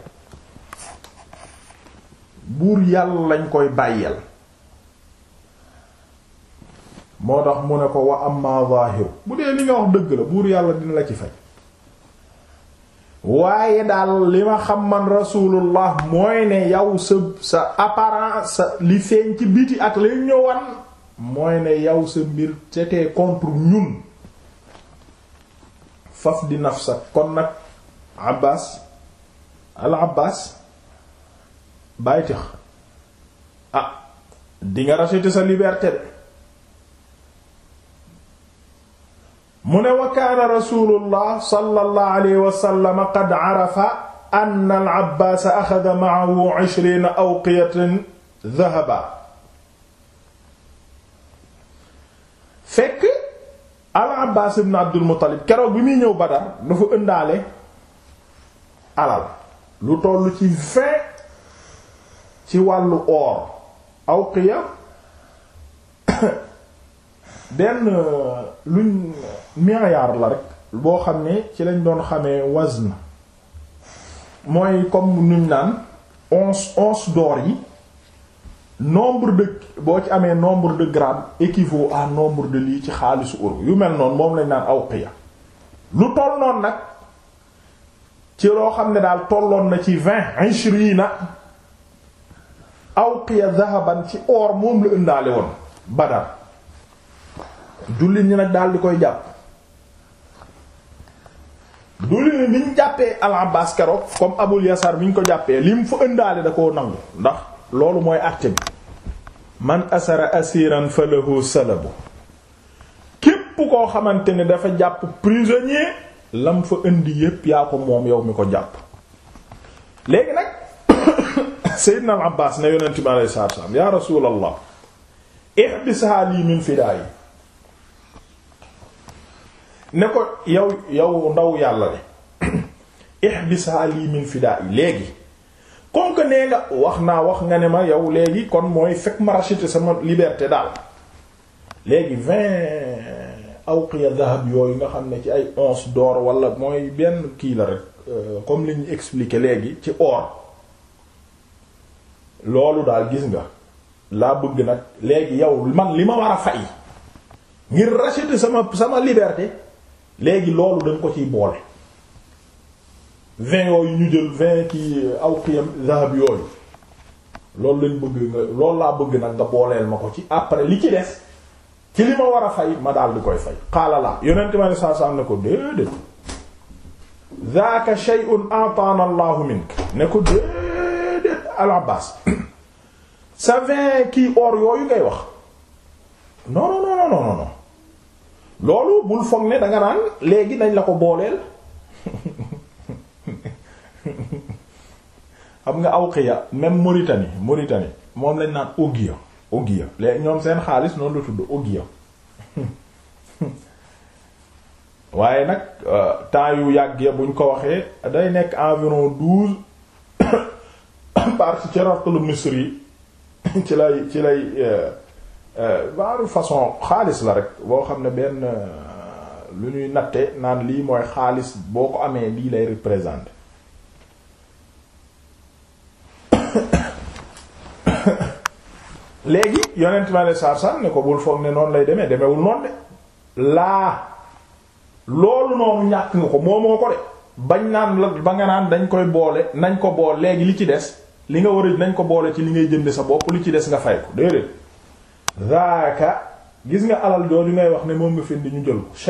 buur yàlla lañ koy bàyyeel moo tax mu ne ko wa amma zaahir bu dee li nga wax dëgg la buur yàlla dina la ci fay waaye daal li ma xam man rasulullah mooy ne yow sa sa apparence sa li feeñ ci biti ak li ñëwan mooy ne yow sa mbir c'était contre ñun faf di nafsa kon nag abbas al abbas bàyyi tax ah di nga racheter sa liberté mu ne wa kaana rasulullah sallallahu alayhi wa sallam qad arafa anna al-Abbaas axada ma'ahu ishriina awqiyatan fekk al-Abbaas ibn Abdul Muttalib keroog bi muy ñëw Badar dafa ëndaale alal lu toll ci vingt ci wàllu or awqiya <coughs> benn luñ miyaar la rek boo xam ne ci lañ doon xamee wazn mooy comme nuñ naan onze onze d'or yi nombre de boo ci amee nombre de grammes équivaut à nombre de lii ci xaalisu euro yu mel noon moom lañ naan awqiya lu toll noonu nag ci loo xam ne daal tolloon na ci vingt ishrina awqiya zahaban ci or moom la ëndaale woon badar jullit ñi nag daal di koy jàpp du li ni ñu jàppee al Abbas keroog comme Abul Yasar bi ñu ko jàppee li mu fa ëndaale da ko nangu ndax loolu mooy àtte bi man asara asiran falahu salabu képp koo xamante ne dafa jàpp prisonnier lam fa indi yépp yaa ko moom yow mi ko jàpp léegi nag <coughs> Seydina al Abbas ne yonent bi alayhi salaam yaa rasuulallah ihbisha li min fidaa'i ne ko yow yow ndaw yàlla le <clears throat> ihbisa lii min fidaa yi léegi kon que nee nga wax naa wax nga ne ma yow léegi kon mooy fekk ma racheter sama liberté daal léegi vingt awqiya dahab yooyu nga xam ne ci ay once door wala mooy benn kii la rek euh, comme li ñu expliqué léegi ci or loolu daal gis nga laa bëgg nag léegi yow man li ma war a fay ngir racheter sama sama liberté léegi loolu dañ ko ci boole vingt yooyu ñu jël vingt ci awqiyam zahab yooyu loolu lañ bëgg nga loolu laa bëgg nag nga booleel ma ko ci après li ci des ci li ma war a fay ma daal di koy fay xaala laa yonent ma ne ko déedéet zaaka shay'un ataana allahu mink ne ko déedéet kii or yooyu ngay wax non non non loolu bul foog ne danga naa léegi lañ la ko booleel xam nga aw Awqiya même Mauritanie Mauritanie moom lañ naan Ogia Ogia léegi ñoom seen xaalis noonu lu tudd Ogia waaye nag euh, temps yu yàgg ya buñ ko waxee day nekk environ douze <coughs> parce ci rafetlu misri yi ci lay ci lay. Euh, Euh, waaru façon xaalis la rek boo xam ne benn euh, lu ñuy natte naan lii mooy xaalis boo ko amee lii lay représenter léegi yonent ma le saar-san ne ko bul foog ne noonu lay demee demewul noonu de laa loolu noonu ñàkk nga ko moomoo ko de bañ naan la ba nga naan dañ koy boole nañ ko boole léegi li ci des li nga war a nañ ko boole ci li ngay jënd sa bopp li ci des nga fay ko déedéet zaaka gis nga alal jooju ngay wax ne moom nga fi indi ñu jël ko